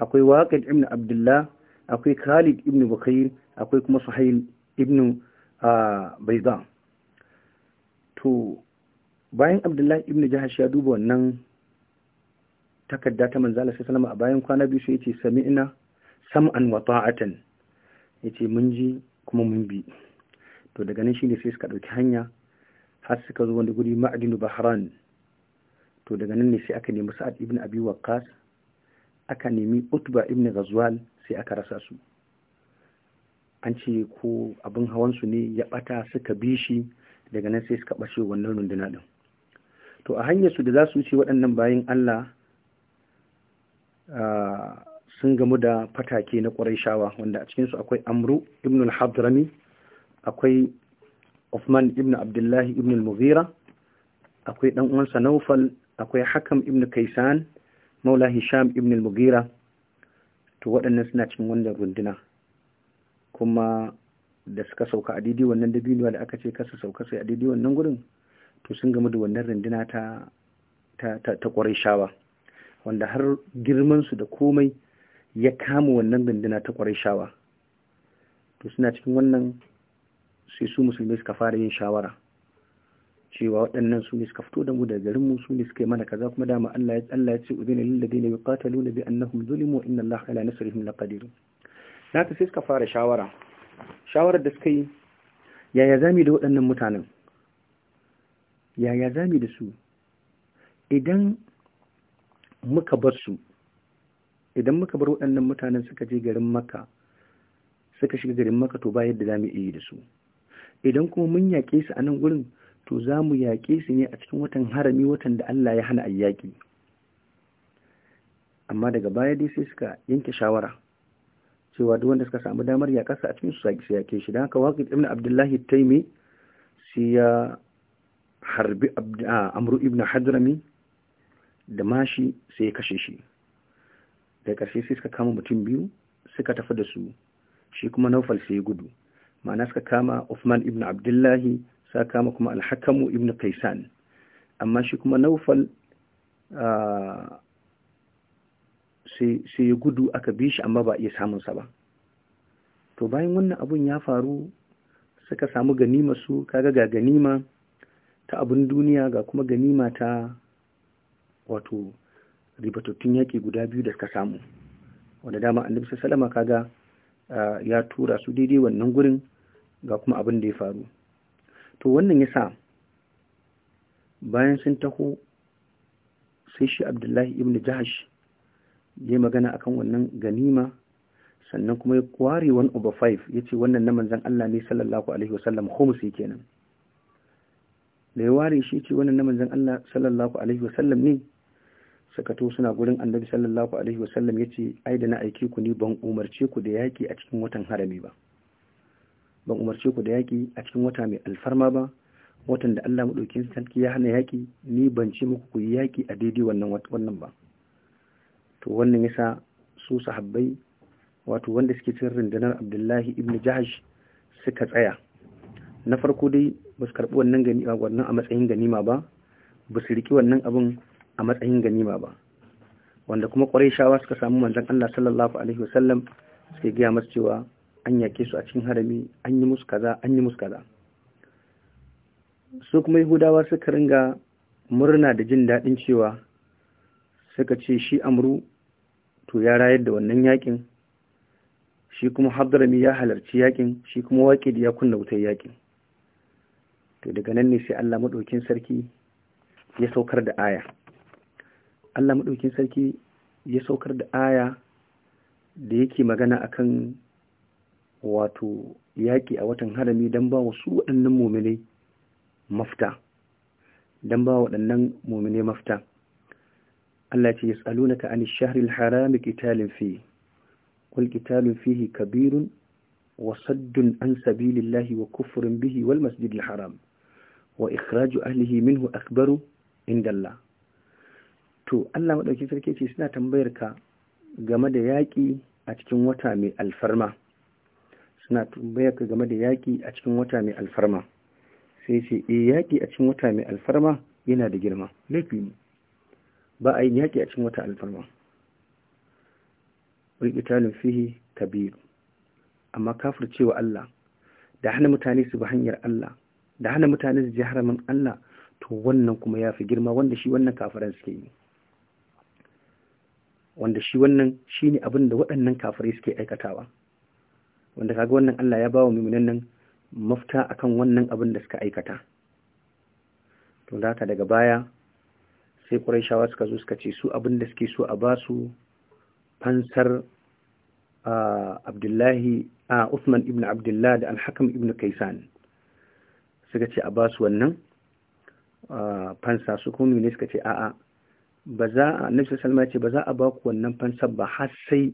akwai Waqid ibn Abdullah akwai Khalid ibn Bukayr akwai kuma Suhail ibn ah, Bayda to bayan Abdullahi ibn Jahash ya duba wannan takarda ta manzala sai salama a bayan kwana biyu sai yace sami'na sam'an wa ta'atan yace mun ji kuma mun bi to daga nan shine sai suka ɗauki hanya har suka zo wani guri ma'adinu bahran to daga nan ne sai aka nemi sa'ad ibn abi waqqas aka nemi utba ibn ghazwal sai aka rasa su an ce ko abin hawan su ne ya bata suka bi shi daga nan sai suka bace wannan runduna din to a hanyar su da za su wuce waɗannan bayan Allah ah, sun gamu da fatake na ƙwarai shawa wanda a cikinsu akwai amru ibn al-hadrami akwai Uthman ibn Abdullah ibn al-Mughira akwai dan uwansa Nawfal akwai Hakam ibn Kaisan Maula Hisham ibn al-Mughira to waɗannan suna cikin wannan runduna kuma da suka sauka a didi wannan dabino da aka ce kasa sauka sai a didi wannan gurin to sun gamu da wannan runduna ta ta ta, ta Qurayshawa wanda har girman su da komai ya kama wannan runduna ta Qurayshawa to suna cikin wannan sai su musulmi suka fara yin shawara cewa waɗannan su ne suka fito da mu da garin mu su ne suka yi mana kaza kuma dama Allah ya Allah ya ce udina lil ladina yuqataluna bi annahum zulimu inna Allah ala nasrihim laqadir ta sai suka fara shawara shawarar da suka yi yaya zami da waɗannan mutanen yaya zami da su idan muka bar su idan muka bar waɗannan mutanen suka je garin makka suka shiga garin makka to ba yadda zamu iya yi da su idan kuma mun yaƙe su a nan gurin to za mu yaƙe su ne a cikin watan harami watan da Allah ya hana a amma daga baya dai sai suka yanke shawara cewa duk wanda suka samu damar yaƙarsa a cikin su yaƙe shi don haka waƙi ibn abdullahi taimi sai ya harbi amru ibn hadrami da mashi sai ya kashe shi da ƙarshe sai suka kama mutum biyu suka tafi da su shi kuma naufal sai ya gudu ma'ana suka kama Uthman ibn Abdullahi suka kama kuma al-Hakamu ibn amma shi kuma Nawfal sai ya gudu aka bi shi amma ba iya samun sa ba to bayan wannan abun ya faru suka samu ganima su kaga ga ganima ta abun duniya ga kuma ganima ta wato ribatattun yaki guda biyu da suka samu wanda dama annabi sallama kaga ya tura su daidai wannan gurin ga kuma abin da ya faru to wannan ya sa bayan sun taho sai shi abdullahi ibn jahash ya magana akan wannan ganima sannan kuma ya kware 1 uba 5 ya ce wannan na manzan Allah ne sallallahu alaihi wasallam ke kenan da ya ware shi ce wannan na manzan Allah sallallahu alaihi wasallam ne sakato suna gurin annabi sallallahu alaihi wasallam ya ce ai da na aike ku ne ban umarce ku da yaƙi a cikin watan harami ba ban umarce ku da yaƙi a cikin wata mai alfarma ba watan da Allah maɗaukin sarki ya hana yaƙi ni ban ci muku ku yi yaƙi a daidai wannan wannan ba to wannan yasa su sahabbai wato wanda suke cikin rundunar Abdullahi ibn Jahash suka tsaya na farko dai ba su karɓi wannan ganima wannan a matsayin ganima ba ba su riki wannan abin a matsayin ganima ba wanda kuma ƙwarai shawa suka samu manzon Allah sallallahu alaihi wasallam suke gaya masu cewa an yake su a cikin harami an yi musu kaza an yi musu kaza su kuma yahudawa suka ringa murna da jin daɗin cewa suka ce shi amru to ya rayar da wannan yakin shi kuma hadrami ya halarci yakin shi kuma da ya kunna wutar yakin to daga nan ne sai Allah maɗaukin sarki ya saukar da aya Allah maɗaukin sarki ya saukar da aya da yake magana akan wato yaƙi a watan harami don ba wasu waɗannan muminai mafta don ba waɗannan muminai mafta Allah ce yas'alunaka an shahril harami ƙitalin fihi qul fihi kabirun wa saddun an sabilillahi wa kufurin bihi wal masjidil haram wa ikhraju ahlihi minhu akbaru indallah to Allah maɗauki sarki ce suna tambayar ka game da yaƙi a cikin wata mai alfarma suna tambayar ka game da yaƙi a cikin wata mai alfarma sai ce e yaƙi a cikin wata mai alfarma yana da girma laifi ne ba a yin yaƙi a cikin wata alfarma rikitalin fihi kabiru amma kafir cewa Allah da hana mutane su bi hanyar Allah da hana mutane su ji haramin Allah to wannan kuma ya fi girma wanda shi wannan kafiran suke yi wanda shi wannan shi ne abin da waɗannan kafirai suke aikatawa wanda kaga wannan Allah ya bawa mu'minan nan mafita akan wannan abin da suka aikata to da daga baya sai Qurayshawa suka zo suka ce su abin da suke so a ba su fansar Abdullahi a Uthman ibn Abdullah da Al-Hakam ibn Kaysan suka ce a ba su wannan fansa su kuma ne suka ce a'a ba za a nufisar salma ce ba za a ba ku wannan fansar ba har sai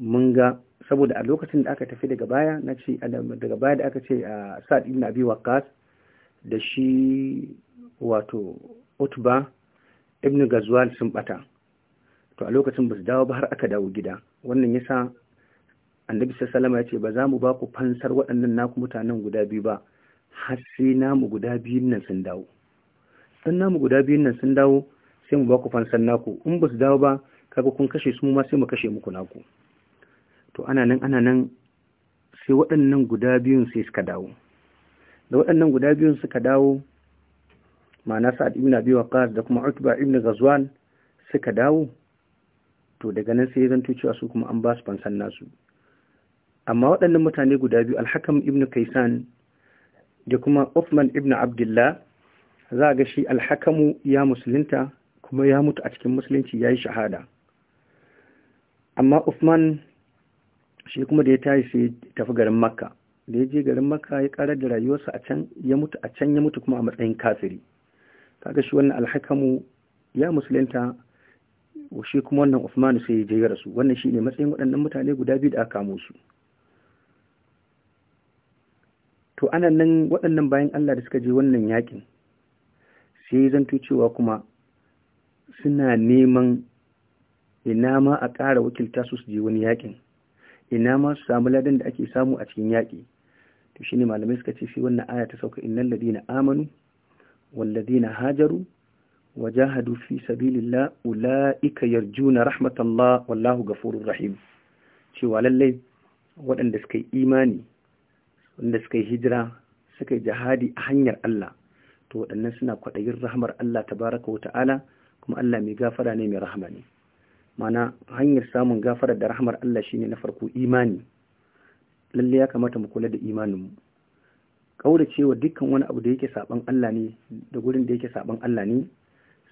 mun ga saboda a lokacin da aka tafi daga baya na ce daga baya da aka ce a sa'ad ibn abi waqqas da shi wato utba ibn gazwal sun bata to a lokacin ba su dawo ba har aka dawo gida wannan yasa annabi sallallahu ya ce ba za mu ba ku fansar waɗannan naku mutanen guda biyu ba har sai namu guda biyun nan sun dawo dan namu guda biyun nan sun dawo sai mu ba ku fansar naku in ba su dawo ba kaga kun kashe su mu ma sai mu kashe muku naku to ana nan ana nan sai waɗannan guda biyun sai suka dawo da waɗannan guda biyun suka dawo ma'ana sa'ad ibn abi waqas da kuma utba ibn ghazwan suka dawo to daga nan sai zanto cewa su kuma an ba su fansan nasu amma waɗannan mutane guda biyu alhakam ibn kaisan da kuma Uthman ibn abdullah za ga shi alhakamu ya musulunta kuma ya mutu a cikin musulunci ya yi shahada amma Uthman shi kuma da ya tashi sai tafi garin makka da ya je garin makka ya karar da rayuwarsa a can ya mutu a can ya mutu kuma a matsayin kafiri kaga shi wannan alhakamu ya musulunta shi kuma wannan Uthman sai ya je ya rasu wannan shine matsayin waɗannan mutane guda biyu da aka kamo su to anan nan waɗannan bayan Allah da suka je wannan yakin sai zanto cewa kuma suna neman ina ma a ƙara wakilta su su je wani yakin ina ma su samu ladan da ake samu a cikin yaƙi to shine malamai suka ce sai wannan aya ta sauka innal ladina amanu wal ladina hajaru wajahadu fi sabilillah ulaika yarjuna rahmatallah wallahu ghafurur rahim cewa lallai waɗanda suka yi imani wanda suka yi hijira suka jihadi a hanyar Allah to waɗannan suna kwaɗayin rahmar Allah tabaraka wa ta'ala kuma Allah mai gafara ne mai rahama ne mana hanyar samun gafarar da rahmar Allah shine na farko imani lalle ya kamata mu kula da imaninmu kauracewa dukkan wani abu da yake saban Allah ne da gurin da yake saban Allah ne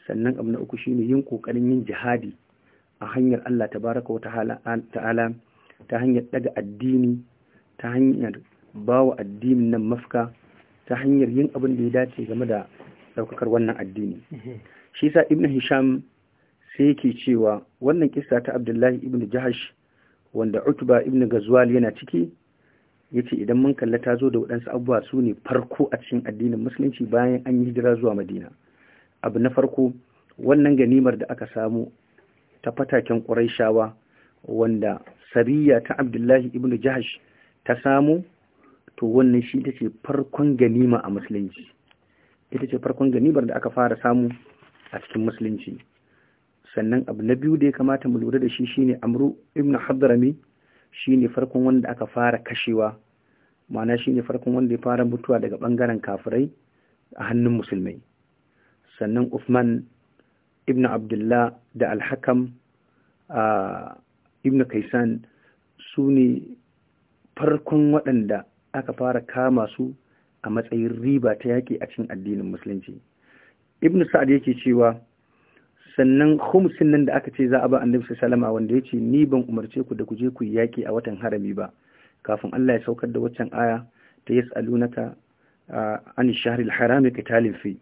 sannan abu na uku shine yin kokarin yin jihadi a hanyar Allah ta tabaraka ta'ala ta hanyar ɗaga addini ta hanyar bawa addinin nan mafka ta hanyar yin abin da ya dace game da ɗaukakar wannan addini mm-hmm. shi sa ibn hisham sai yake cewa wannan kisa ta abdullahi ibn jahash wanda utba ibn gazwal yana ciki yace idan mun kalla ta zo da waɗansu abubuwa su ne farko a cikin addinin musulunci bayan an yi hijira zuwa madina abu na farko wannan ganimar da aka samu ta fataken ƙuraishawa wanda sariya ta abdullahi ibn jahash ta samu to wannan shi ita ce farkon ganima a musulunci ita ce farkon ganimar da aka fara samu a cikin musulunci sannan abu na biyu da ya kamata mu lura da shi shine amru ibn hadrami shine farkon wanda aka fara kashewa ma'ana shine farkon wanda ya fara mutuwa daga bangaren kafirai a hannun musulmai sannan Uthman ibn Abdullah da Alhakam hakam ibn Kaisan su ne farkon waɗanda aka fara kama su a matsayin riba ta yaƙi a cikin addinin musulunci ibn sa'ad yake cewa sannan khumsin nan da aka ce za a ba annabi sallama wanda ya ce ni ban umarce ku da ku je ku yi yaƙi a watan harami ba kafin Allah ya saukar da waccan aya ta yas'alunaka an shahril harami qitalin fi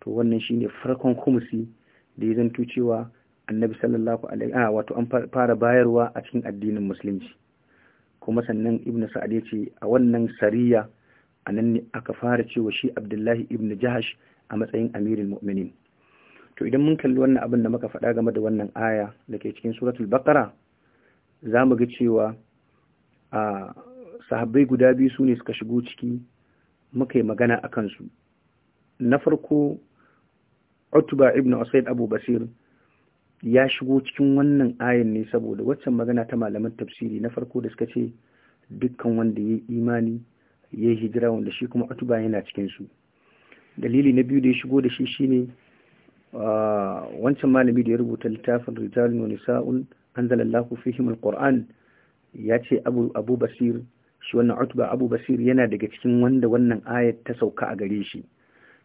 to wannan shine farkon khumsi da ya zanto cewa annabi sallallahu alaihi ah wato an fara bayarwa a cikin addinin musulunci kuma sannan ibnu sa'ad yace a wannan sariya anan ne aka fara cewa shi abdullahi ibnu jahash a matsayin amirul mu'minin to idan mun kalli wannan abin da muka faɗa game da wannan aya da ke cikin suratul baqara za mu ga cewa a sahabbai guda biyu su ne suka shigo ciki muka yi magana a kansu na farko Utba ibn Usaid Abu Basir ya shigo cikin wannan ayin ne saboda waccan magana ta malaman tafsiri na farko da suka ce dukkan wanda ya imani ya hijira wanda shi kuma Utba yana cikin su dalili na biyu da ya shigo da shi shine wancan malami da ya rubuta littafin rijalun wa nisa'un fi fihim ƙor'an ya ce abu basir shi wannan utba abu basir yana daga cikin wanda wannan ayat ta sauka a gare shi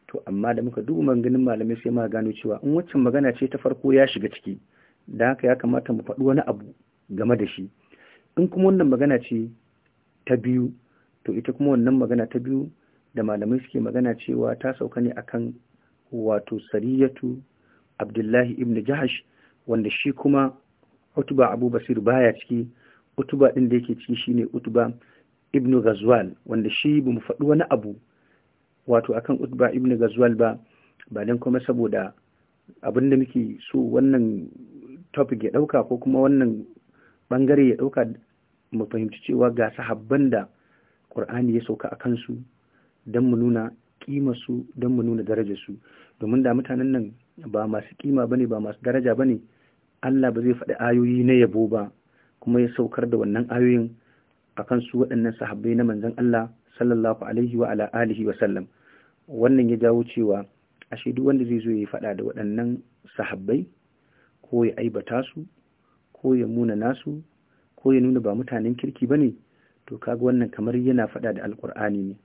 to amma da muka duba ganin malamai sai ma gano cewa in wancan magana ce ta farko ya shiga ciki da haka ya kamata mu faɗi wani abu game da shi in kuma wannan magana ce ta biyu to ita kuma wannan magana ta biyu da malamai suke magana cewa ta sauka ne akan wato sariyatu abdullahi ibn jahash wanda shi kuma utuba abu basir baya ciki utuba ɗin da yake ciki shine utuba ibn gazwal wanda shi ba mu faɗi wani abu wato akan utuba ibn gazwal ba ba dan kuma saboda abinda da muke so wannan topic ya ɗauka ko kuma wannan ɓangare ya ɗauka mu fahimci cewa ga sahabban da ƙur'ani ya sauka a kansu don mu nuna kima su don mu nuna daraja su domin da mutanen nan ba masu kima bane ba masu daraja bane Allah ba zai faɗi ayoyi na yabo ba kuma ya saukar da wannan ayoyin akan su waɗannan sahabbai na manzon Allah sallallahu alaihi wa ala alihi wa sallam wannan ya jawo cewa ashe duk wanda zai zo ya faɗa da waɗannan sahabbai ko ya aibata su ko ya muna nasu ko ya nuna ba mutanen kirki bane to kaga wannan kamar yana faɗa da alkur'ani ne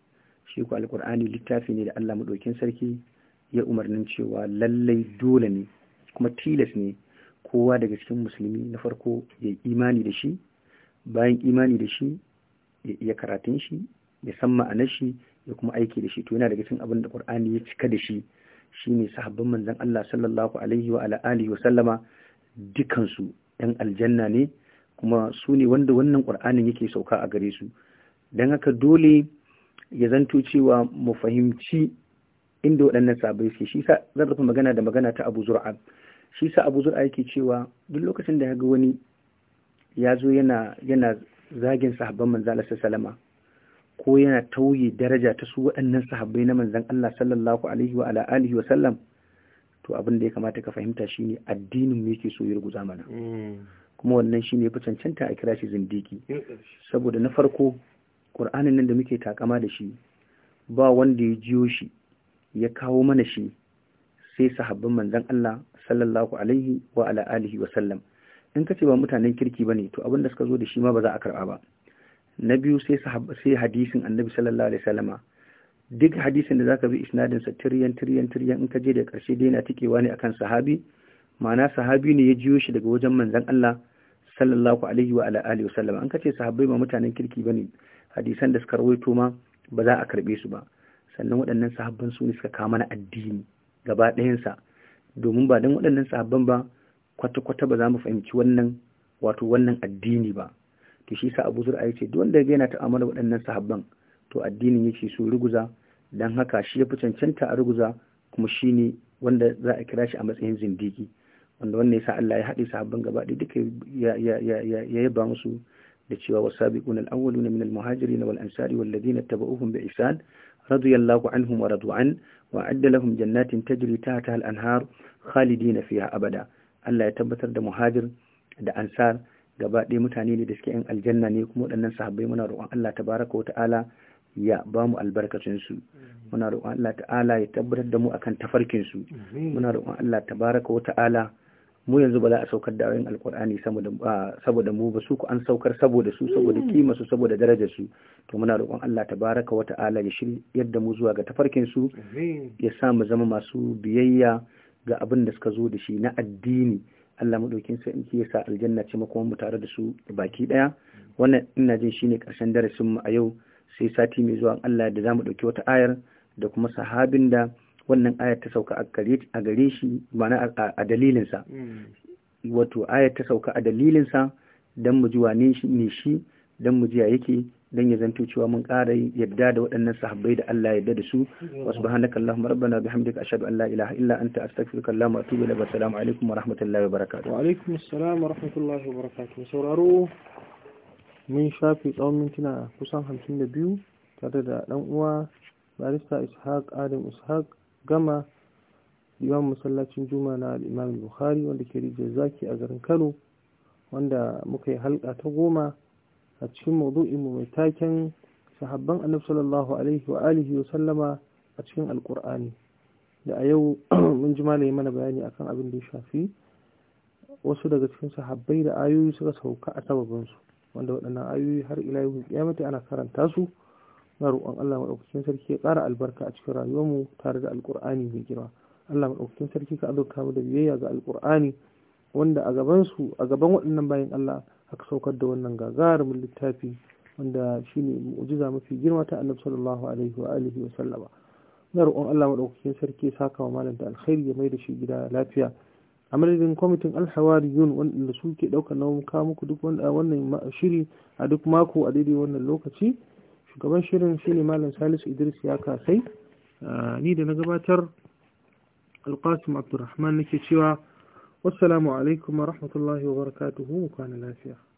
shi ku alkur'ani littafi ne da Allah maɗaukin sarki ya umarnin cewa lallai dole ne kuma tilas ne kowa daga cikin musulmi na farko ya yi imani da shi bayan imani da shi ya iya karatun shi ya san ma'anar shi ya kuma aiki da shi to yana daga cikin abin da Qur'ani ya cika da shi shine sahabban manzon Allah sallallahu alaihi wa ala alihi wa sallama dukan su ɗan aljanna ne kuma su ne wanda wannan Qur'anin yake sauka a gare su dan haka dole ya zanto cewa mu fahimci inda waɗannan sabai suke shi sa zan rufe magana da magana ta abu zur'a shi sa abu zur'a yake cewa duk lokacin da ya ga wani ya zo yana yana zagin sahabban manzan Allah sallama ko yana tauye daraja ta su waɗannan sahabbai na manzan Allah sallallahu alaihi wa ala wa sallam to abin da ya kamata ka fahimta shine addinin mu yake so ya ruguza mana mm. kuma wannan shine ya fi cancanta a kira shi zindiki saboda na farko ƙur'anin nan da muke takama da shi ba wanda ya jiyo shi ya kawo mana shi sai sahabban manzan Allah sallallahu alaihi wa ala alihi wa sallam in kace ba mutanen kirki bane to abin da suka zo da shi ma ba za a karba ba na biyu sai hadisin annabi sallallahu alaihi wasallama duk hadisin da zaka bi isnadin sa tiryan tiryan tiryan in ka je da karshe dai na tikewa ne akan sahabi ma'ana sahabi ne ya jiyo shi daga wajen manzan Allah sallallahu alaihi wa ala alihi sallama an kace sahabbai ba mutanen kirki bane hadisan da suka rawaito ma ba za a karbe su ba sannan waɗannan sahabban su ne suka kawo mana addini gaba ɗayansa domin ba dan waɗannan sahabban ba kwata-kwata ba za mu fahimci wannan wato wannan addini ba to shi sa Abu a yace duk wanda ya gaina ta'amala waɗannan sahabban to addinin yake su ruguza dan haka shi ya fi cancanta a ruguza kuma shi ne wanda za a kira shi a matsayin zindigi wanda wannan sa Allah ya haɗe sahabban gaba ɗaya duka ya yaba musu da cewa wasu al-awwaluna min al-muhajirin wal ansari wal ladina tabauhum bi ihsan radiyallahu anhum wa radu an wa adda lahum jannatin tajri tahtaha al-anhar khalidina fiha abada Allah ya tabbatar da muhajir da ansar gaba ɗaya mutane ne da suke yan aljanna ne kuma waɗannan sahabbai muna roƙon Allah tabaraka wa ta'ala ya ba mu albarkacinsu muna roƙon Allah ta'ala ya tabbatar da mu akan tafarkinsu muna roƙon Allah tabaraka wa ta'ala mu yanzu ba za a saukar da ayoyin alkur'ani ah, saboda mu ba su ku an saukar saboda su saboda hmm. kima su saboda darajar su to muna roƙon Allah tabaraka wa ta'ala ya shirya yadda mu zuwa ga tafarkin su ya sa mu zama masu biyayya ga abin da suka zo da shi na addini Allah dokin sa ya sa aljanna ce makon mu tare da su baki daya wannan ina jin shine karshen darasin mu a yau sai sati mai zuwa Allah da zamu dauki wata ayar da kuma sahabin da wannan ayar ta sauka a gare shi mana a dalilinsa mm. wato ayar ta sauka a dalilinsa don mu ji wane ne shi don mu ji ya yake don ya zanto cewa mun ƙara yadda da waɗannan sahabbai da Allah yadda da su wasu mm. wa subhanaka allahumma rabbana bihamdika ashhadu an la ilaha illa anta astaghfiruka wa atubu ilayk assalamu alaikum wa rahmatullahi wa barakatuh wa alaikum assalam wa rahmatullahi wa barakatuh sauraro mun shafi tsawon mintuna kusan 52 tare da dan uwa barista Ishaq Adam Ishaq gama imam masallacin juma na imam buhari wanda ke rijiyar zaki a garin kano wanda muka yi halka ta goma a cikin mu mai taken sahabban annabi sallallahu alaihi wa alihi wa sallama a cikin alkur'ani da a yau mun ji malaye mana bayani akan abin da ya shafi wasu daga cikin sahabbai da ayoyi suka sauka a sababinsu wanda waɗannan ayoyi har ila yau kiyamata ana karanta su na roƙon Allah maɗaukakin sarki ya ƙara albarka a cikin mu tare da alƙur'ani mai girma Allah maɗaukakin sarki ka azurta mu da biyayya ga alƙur'ani wanda a gaban su a gaban waɗannan bayan Allah aka saukar da wannan gagarumin littafi wanda shine mu'jiza mafi girma ta Annabi sallallahu alaihi wa alihi wa sallama na roƙon Allah maɗaukakin sarki ya saka wa malam da alkhairi ya mai da shi gida lafiya a madadin kwamitin alhawariyun wanda suke ɗaukar nauyin kawo muku duk wannan shiri a duk mako a daidai wannan lokaci shugaban shirin shine malam salisu idris ya kasai ah, ni da na gabatar alkasim abdurrahman nake cewa wassalamu alaikum wa rahmatullahi wa barakatuhu kwana lafiya